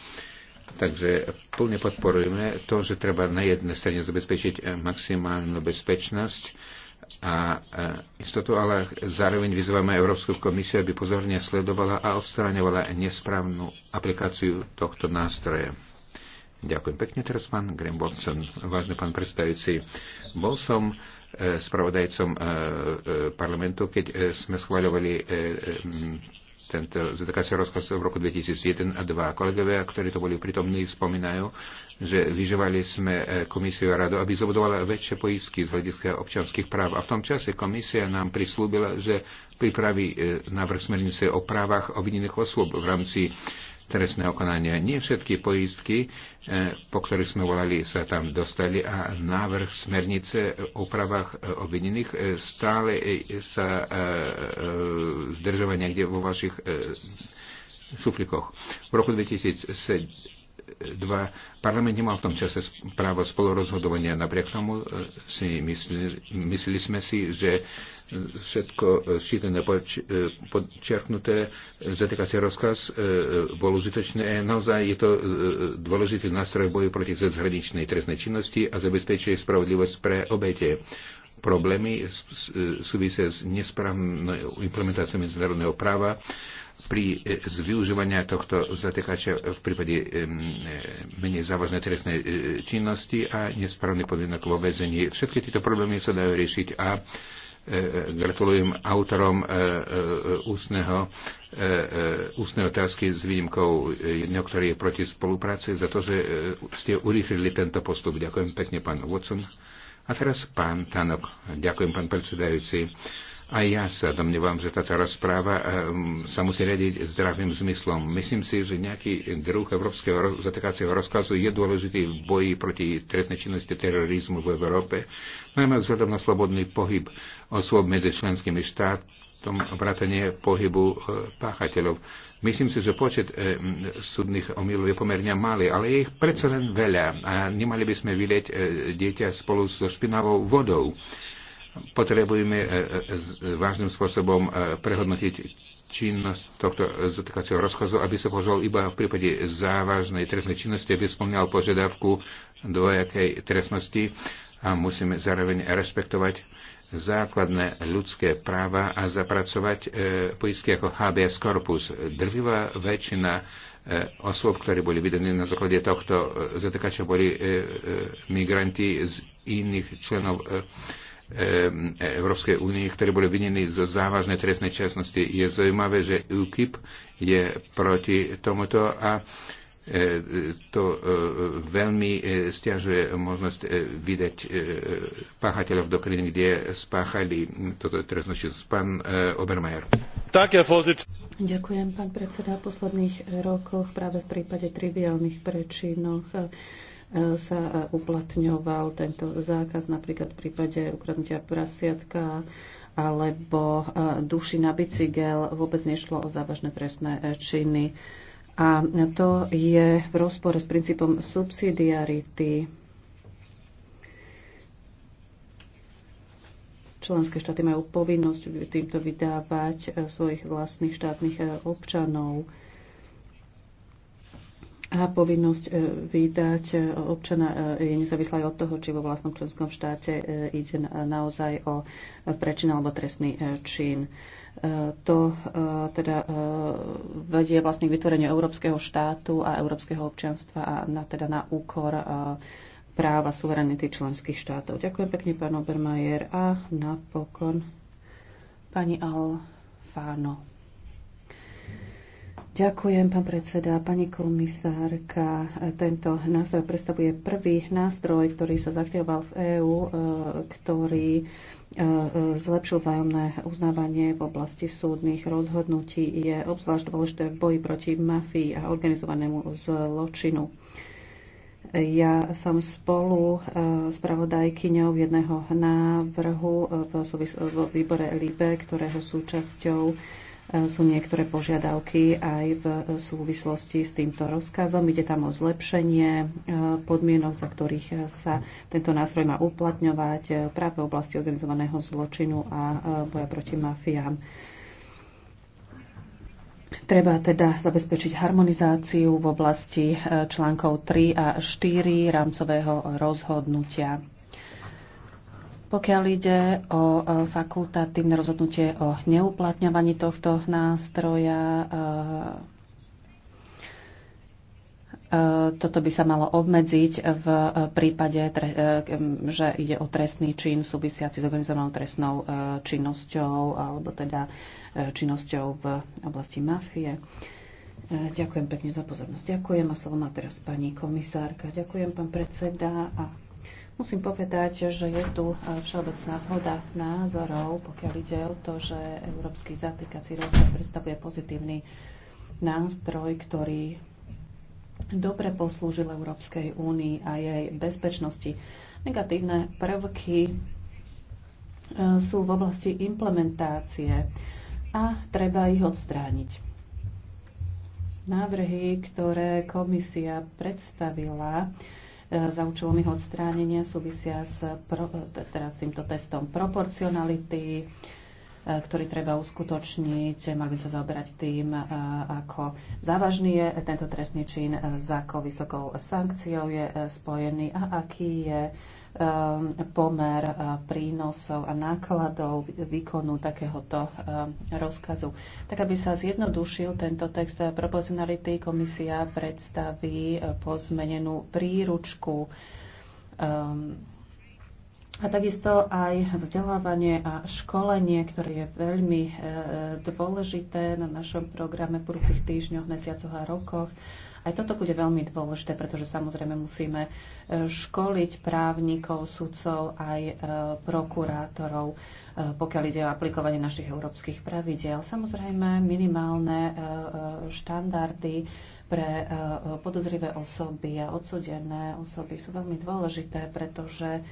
S5: Takže plne podporujeme to, že treba na jednej strane zabezpečiť e, maximálnu bezpečnosť a istotu, ale zároveň vyzývame Európsku komisiu, aby pozorne sledovala a odstraňovala nesprávnu aplikáciu tohto nástroja. Ďakujem pekne teraz, pán Watson. vážny pán predstavujúci. Bol som e, spravodajcom e, e, parlamentu, keď sme schváľovali tento zatekací rozkaz v roku 2001 a dva Kolegovia, ktorí to boli pritomní, spomínajú, že vyžovali sme komisiu a radu, aby zobudovala väčšie poistky z hľadiska občanských práv. A v tom čase komisia nám prislúbila, že pripraví návrh smernice o právach obvinených osôb v rámci trestné konania. Nie všetky poistky, e, po ktorých sme volali, sa tam dostali a návrh smernice o právach e, obvinených e, stále sa zdržovania niekde vo vašich šuflikoch. V roku 2007 Parlament nemal v tom čase právo spolorozhodovania. Napriek tomu e, si mysleli, mysleli sme si, že e, všetko šítené, e, poč, podčiarknuté, zatýkacie rozkaz bol užitočné. Naozaj je to dôležitý nástroj boju proti cezhraničnej trestnej činnosti a zabezpečuje spravodlivosť pre obete problémy súvisia s nesprávnou implementáciou medzinárodného práva pri e, z využívania tohto zatekača v prípade e, menej závažnej trestnej e, činnosti a nesprávny podmienok vo väzení. Všetky tieto problémy sa dajú riešiť a gratulujem autorom ústneho, ústnej otázky s výnimkou jedného, ktorý je proti spolupráci, za to, že ste urýchlili tento postup. Ďakujem pekne, pán Watson. A teraz pán Tanok. Ďakujem, pán predsedajúci. A ja sa domnievam, že táto rozpráva um, sa musí riadiť zdravým zmyslom. Myslím si, že nejaký druh európskeho zatekacieho rozkazu je dôležitý v boji proti trestnej činnosti terorizmu v Európe, najmä vzhľadom na slobodný pohyb osôb medzi členskými štátmi tom vrátanie pohybu eh, páchateľov. Myslím si, že počet e, súdnych omylov je pomerne malý, ale je ich predsa len veľa a nemali by sme vylieť e, dieťa spolu so špinavou vodou. Potrebujeme e, e, vážnym spôsobom e, prehodnotiť činnosť tohto zatýkacieho rozkazu, aby sa požal iba v prípade závažnej trestnej činnosti, aby splňal požiadavku dvojakej trestnosti a musíme zároveň rešpektovať základné ľudské práva a zapracovať e, poistky ako HBS corpus. Drvivá väčšina e, osôb, ktorí boli vydaní na základe tohto e, zatekača, boli e, e, migranti z iných členov e, e, Európskej únie, ktorí boli vinení zo závažnej trestnej časnosti. Je zaujímavé, že UKIP je proti tomuto a e, E, to e, veľmi e, stiažuje možnosť vydať páchateľov do krajín, kde spáchali toto trestnú činnosť. Pán Obermajer. Tak,
S4: Ďakujem, pán predseda. V posledných rokoch práve v prípade triviálnych prečinoch sa uplatňoval tento zákaz, napríklad v prípade ukradnutia prasiatka alebo duši na bicykel. Vôbec nešlo o závažné trestné činy a to je v rozpore s princípom subsidiarity. Členské štáty majú povinnosť týmto vydávať eh, svojich vlastných štátnych eh, občanov a povinnosť eh, vydať občana je nezávislá aj od toho, či vo vlastnom členskom štáte ide naozaj o prečin alebo trestný čin to e, teda e, vedie vlastne k vytvoreniu európskeho štátu a európskeho občianstva a na, teda na úkor e, práva suverenity členských štátov. Ďakujem pekne, pán Obermajer. A napokon pani Alfáno. Ďakujem, pán predseda, pani komisárka. Tento nástroj predstavuje prvý nástroj, ktorý sa zaktivoval v EÚ, e, ktorý e, zlepšil vzájomné uznávanie v oblasti súdnych rozhodnutí. Je obzvlášť dôležité v boji proti mafii a organizovanému zločinu. Ja som spolu e, s pravodajkyňou jedného návrhu v, v výbore LIBE, ktorého súčasťou sú niektoré požiadavky aj v súvislosti s týmto rozkazom. Ide tam o zlepšenie e, podmienok, za ktorých e, sa tento nástroj má uplatňovať e, práve v oblasti organizovaného zločinu a boja proti mafiám. Treba teda zabezpečiť harmonizáciu v oblasti článkov 3 a 4 rámcového rozhodnutia. Pokiaľ ide o fakultatívne rozhodnutie o neuplatňovaní tohto nástroja, e, e, toto by sa malo obmedziť v prípade, e, že ide o trestný čin súvisiaci s organizovanou trestnou činnosťou alebo teda činnosťou v oblasti mafie. Ďakujem pekne za pozornosť. Ďakujem a slovo má teraz pani komisárka. Ďakujem, pán predseda. A Musím povedať, že je tu e, všeobecná zhoda názorov, pokiaľ ide o to, že Európsky zatýkací rozkaz predstavuje pozitívny nástroj, ktorý dobre poslúžil Európskej únii a jej bezpečnosti. Negatívne prvky e, sú v oblasti implementácie a treba ich odstrániť. Návrhy, ktoré komisia predstavila, za účelom ich odstránenia súvisia s, pro, teda týmto testom proporcionality, e, ktorý treba uskutočniť. Mali by sa zaoberať tým, e, ako závažný je tento trestný čin, e, s ako vysokou sankciou je spojený a aký je Um, pomer uh, prínosov a nákladov výkonu takéhoto um, rozkazu. Tak, aby sa zjednodušil tento text eh, proporcionality, komisia predstaví eh, pozmenenú príručku um, a takisto aj vzdelávanie a školenie, ktoré je veľmi eh, dôležité na našom programe v budúcich týždňoch, mesiacoch a rokoch aj toto bude veľmi dôležité, pretože samozrejme musíme e, školiť právnikov, sudcov, aj e, prokurátorov, e, pokiaľ ide o aplikovanie našich európskych pravidel. Samozrejme minimálne štandardy pre podozrivé osoby a odsudené osoby sú veľmi dôležité, pretože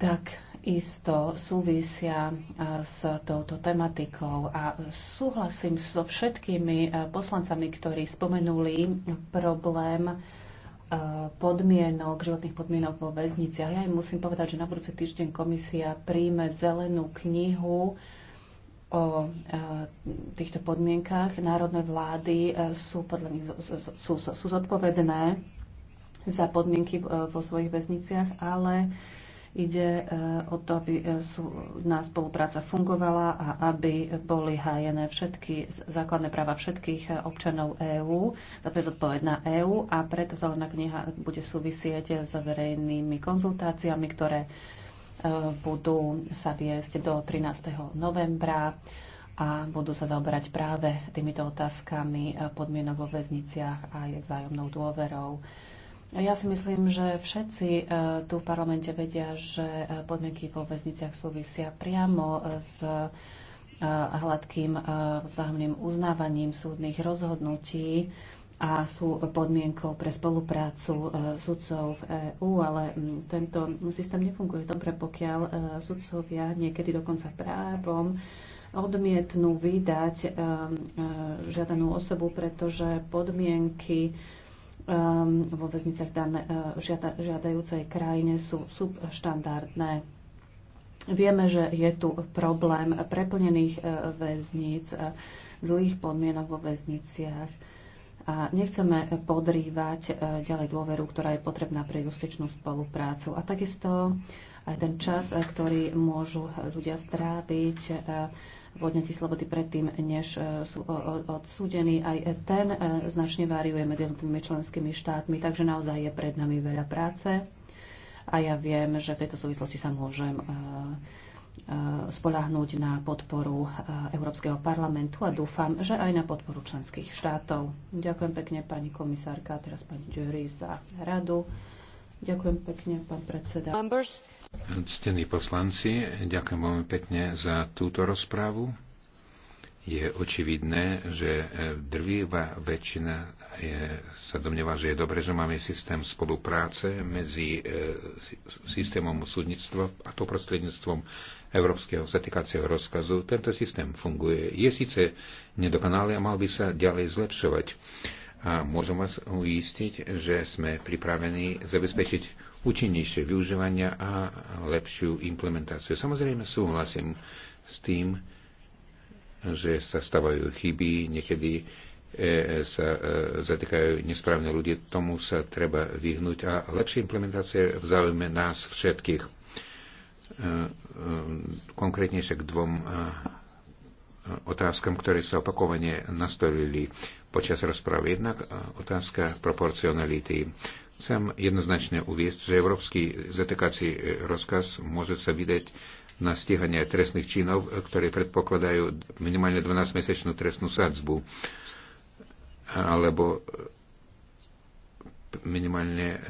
S4: tak isto súvisia s touto tematikou a súhlasím so všetkými poslancami, ktorí spomenuli problém podmienok, životných podmienok vo väzniciach. Ja im musím povedať, že na budúci týždeň komisia príjme zelenú knihu o týchto podmienkách. Národné vlády sú, podľa nich, sú, sú, sú zodpovedné za podmienky vo svojich väzniciach, ale Ide e, o to, aby e, na spolupráca fungovala a aby boli hájené všetky základné práva všetkých e, občanov EÚ. Za to je zodpovedná EÚ a preto zelená kniha bude súvisieť s verejnými konzultáciami, ktoré budú sa viesť do 13. novembra a budú sa zaoberať práve týmito otázkami podmienok vo väzniciach a aj vzájomnou dôverou. Ja si myslím, že všetci eh, tu v parlamente vedia, že eh, podmienky vo väzniciach súvisia priamo eh, s hladkým vzájomným uznávaním súdnych rozhodnutí a sú podmienkou pre spoluprácu sudcov v EÚ, ale mm, tento systém nefunguje dobre, pokiaľ sudcovia niekedy dokonca právom odmietnú vydať žiadanú osobu, pretože podmienky Ehm, vo väzniciach dané, eh, žiada, žiadajúcej krajine sú subštandardné. Vieme, že je tu problém preplnených eh, väzníc, eh, zlých podmienok vo väzniciach a nechceme podrývať ďalej dôveru, ktorá je potrebná pre justičnú spoluprácu. A takisto aj ten čas, ktorý môžu ľudia stráviť v odnetí slobody predtým, než e, sú odsúdení. Aj ten e, značne variuje medzi jednotlivými členskými štátmi, takže naozaj je pred nami veľa práce. A ja viem, že v tejto súvislosti sa môžem e, spolahnúť na podporu Európskeho parlamentu a dúfam, že aj na podporu členských štátov. Ďakujem pekne pani komisárka, teraz pani Jury za radu. Ďakujem pekne, pán predseda.
S5: Ctení poslanci, ďakujem veľmi pekne za túto rozprávu. Je očividné, že e, drvíva väčšina je, sa domnieva, že je dobre, že máme systém spolupráce medzi e, systémom súdnictva a to prostredníctvom Európskeho zatýkacieho rozkazu. Tento systém funguje. Je síce nedokonalý a mal by sa ďalej zlepšovať. A môžem vás uistiť, že sme pripravení zabezpečiť účinnejšie využívania a lepšiu implementáciu. Samozrejme súhlasím s tým, že sa stavajú chyby, niekedy e, sa e, zatýkajú nesprávne ľudia, tomu sa treba vyhnúť a lepšia implementácia v záujme nás všetkých. E, Konkrétnejšie k dvom otázkam, ktoré sa opakovane nastolili počas rozpravy. Jednak otázka proporcionality. Chcem jednoznačne uviesť, že európsky zatekací e, rozkaz môže sa vydať na stíhanie trestných činov, e, ktoré predpokladajú minimálne 12-mesečnú trestnú sadzbu alebo e, minimálne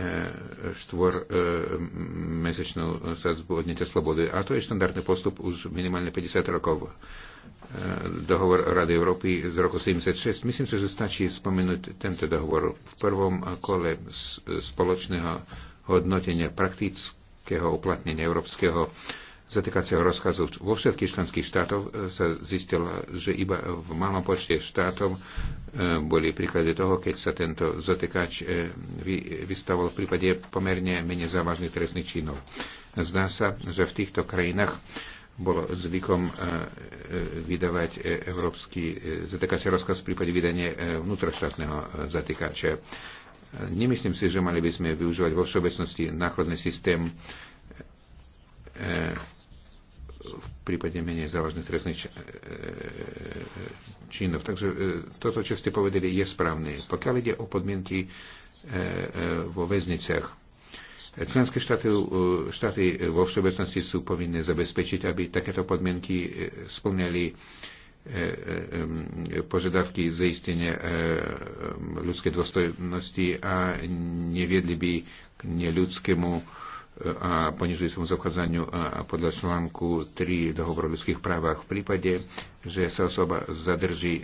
S5: 4-mesečnú sadzbu odnete slobody. A to je štandardný postup už minimálne 50 rokov. E, dohovor Rady Európy z roku 76. Myslím si, že stačí spomenúť tento dohovor. V prvom kole spoločného hodnotenia praktického uplatnenia európskeho zatýkacieho rozkazu vo všetkých členských štátov e, sa zistilo, že iba v malom počte štátov e, boli príklady toho, keď sa tento zatýkač vystavol v prípade pomerne menej závažných trestných činov. Zdá sa, že v týchto krajinách bolo zvykom e, e, vydávať e, európsky zatýkací rozkaz v prípade vydania vnútroštátneho zatýkača. Nemyslím si, že mali by sme využívať vo všeobecnosti nákladný systém v prípade menej závažných trestných činov. Takže toto, čo ste povedali, je správne. Pokiaľ ide o podmienky vo väzniciach, Členské štáty, e, štáty vo všeobecnosti sú povinné zabezpečiť, aby takéto podmienky e, splňali e, požiadavky zaistenia ľudskej dôstojnosti a neviedli by k neľudskému a som zaobchádzaniu podľa článku 3 dohovoru o ľudských právach. V prípade, že sa osoba zadrží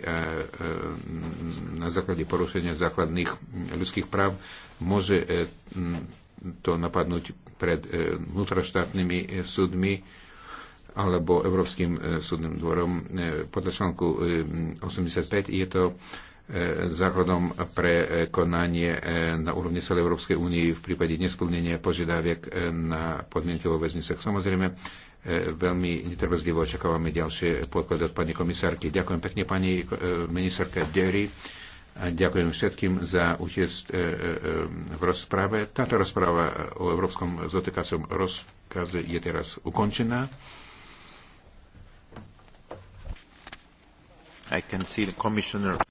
S5: na základe porušenia základných ľudských práv, môže to napadnúť pred e, vnútroštátnymi e, súdmi alebo Európskym e, súdnym dvorom. Podľa článku 85 je to základom pre konanie na úrovni celej Európskej únie v prípade nesplnenia požiadaviek na podmienky vo väznicách. Samozrejme, veľmi netrvezlivo očakávame ďalšie podklady od pani komisárky. Ďakujem pekne pani ministerke Derry. A ďakujem všetkým za účest e, e, v rozprave. Táto rozpráva o Európskom zotekacom rozkaze je teraz ukončená. I can see the commissioner.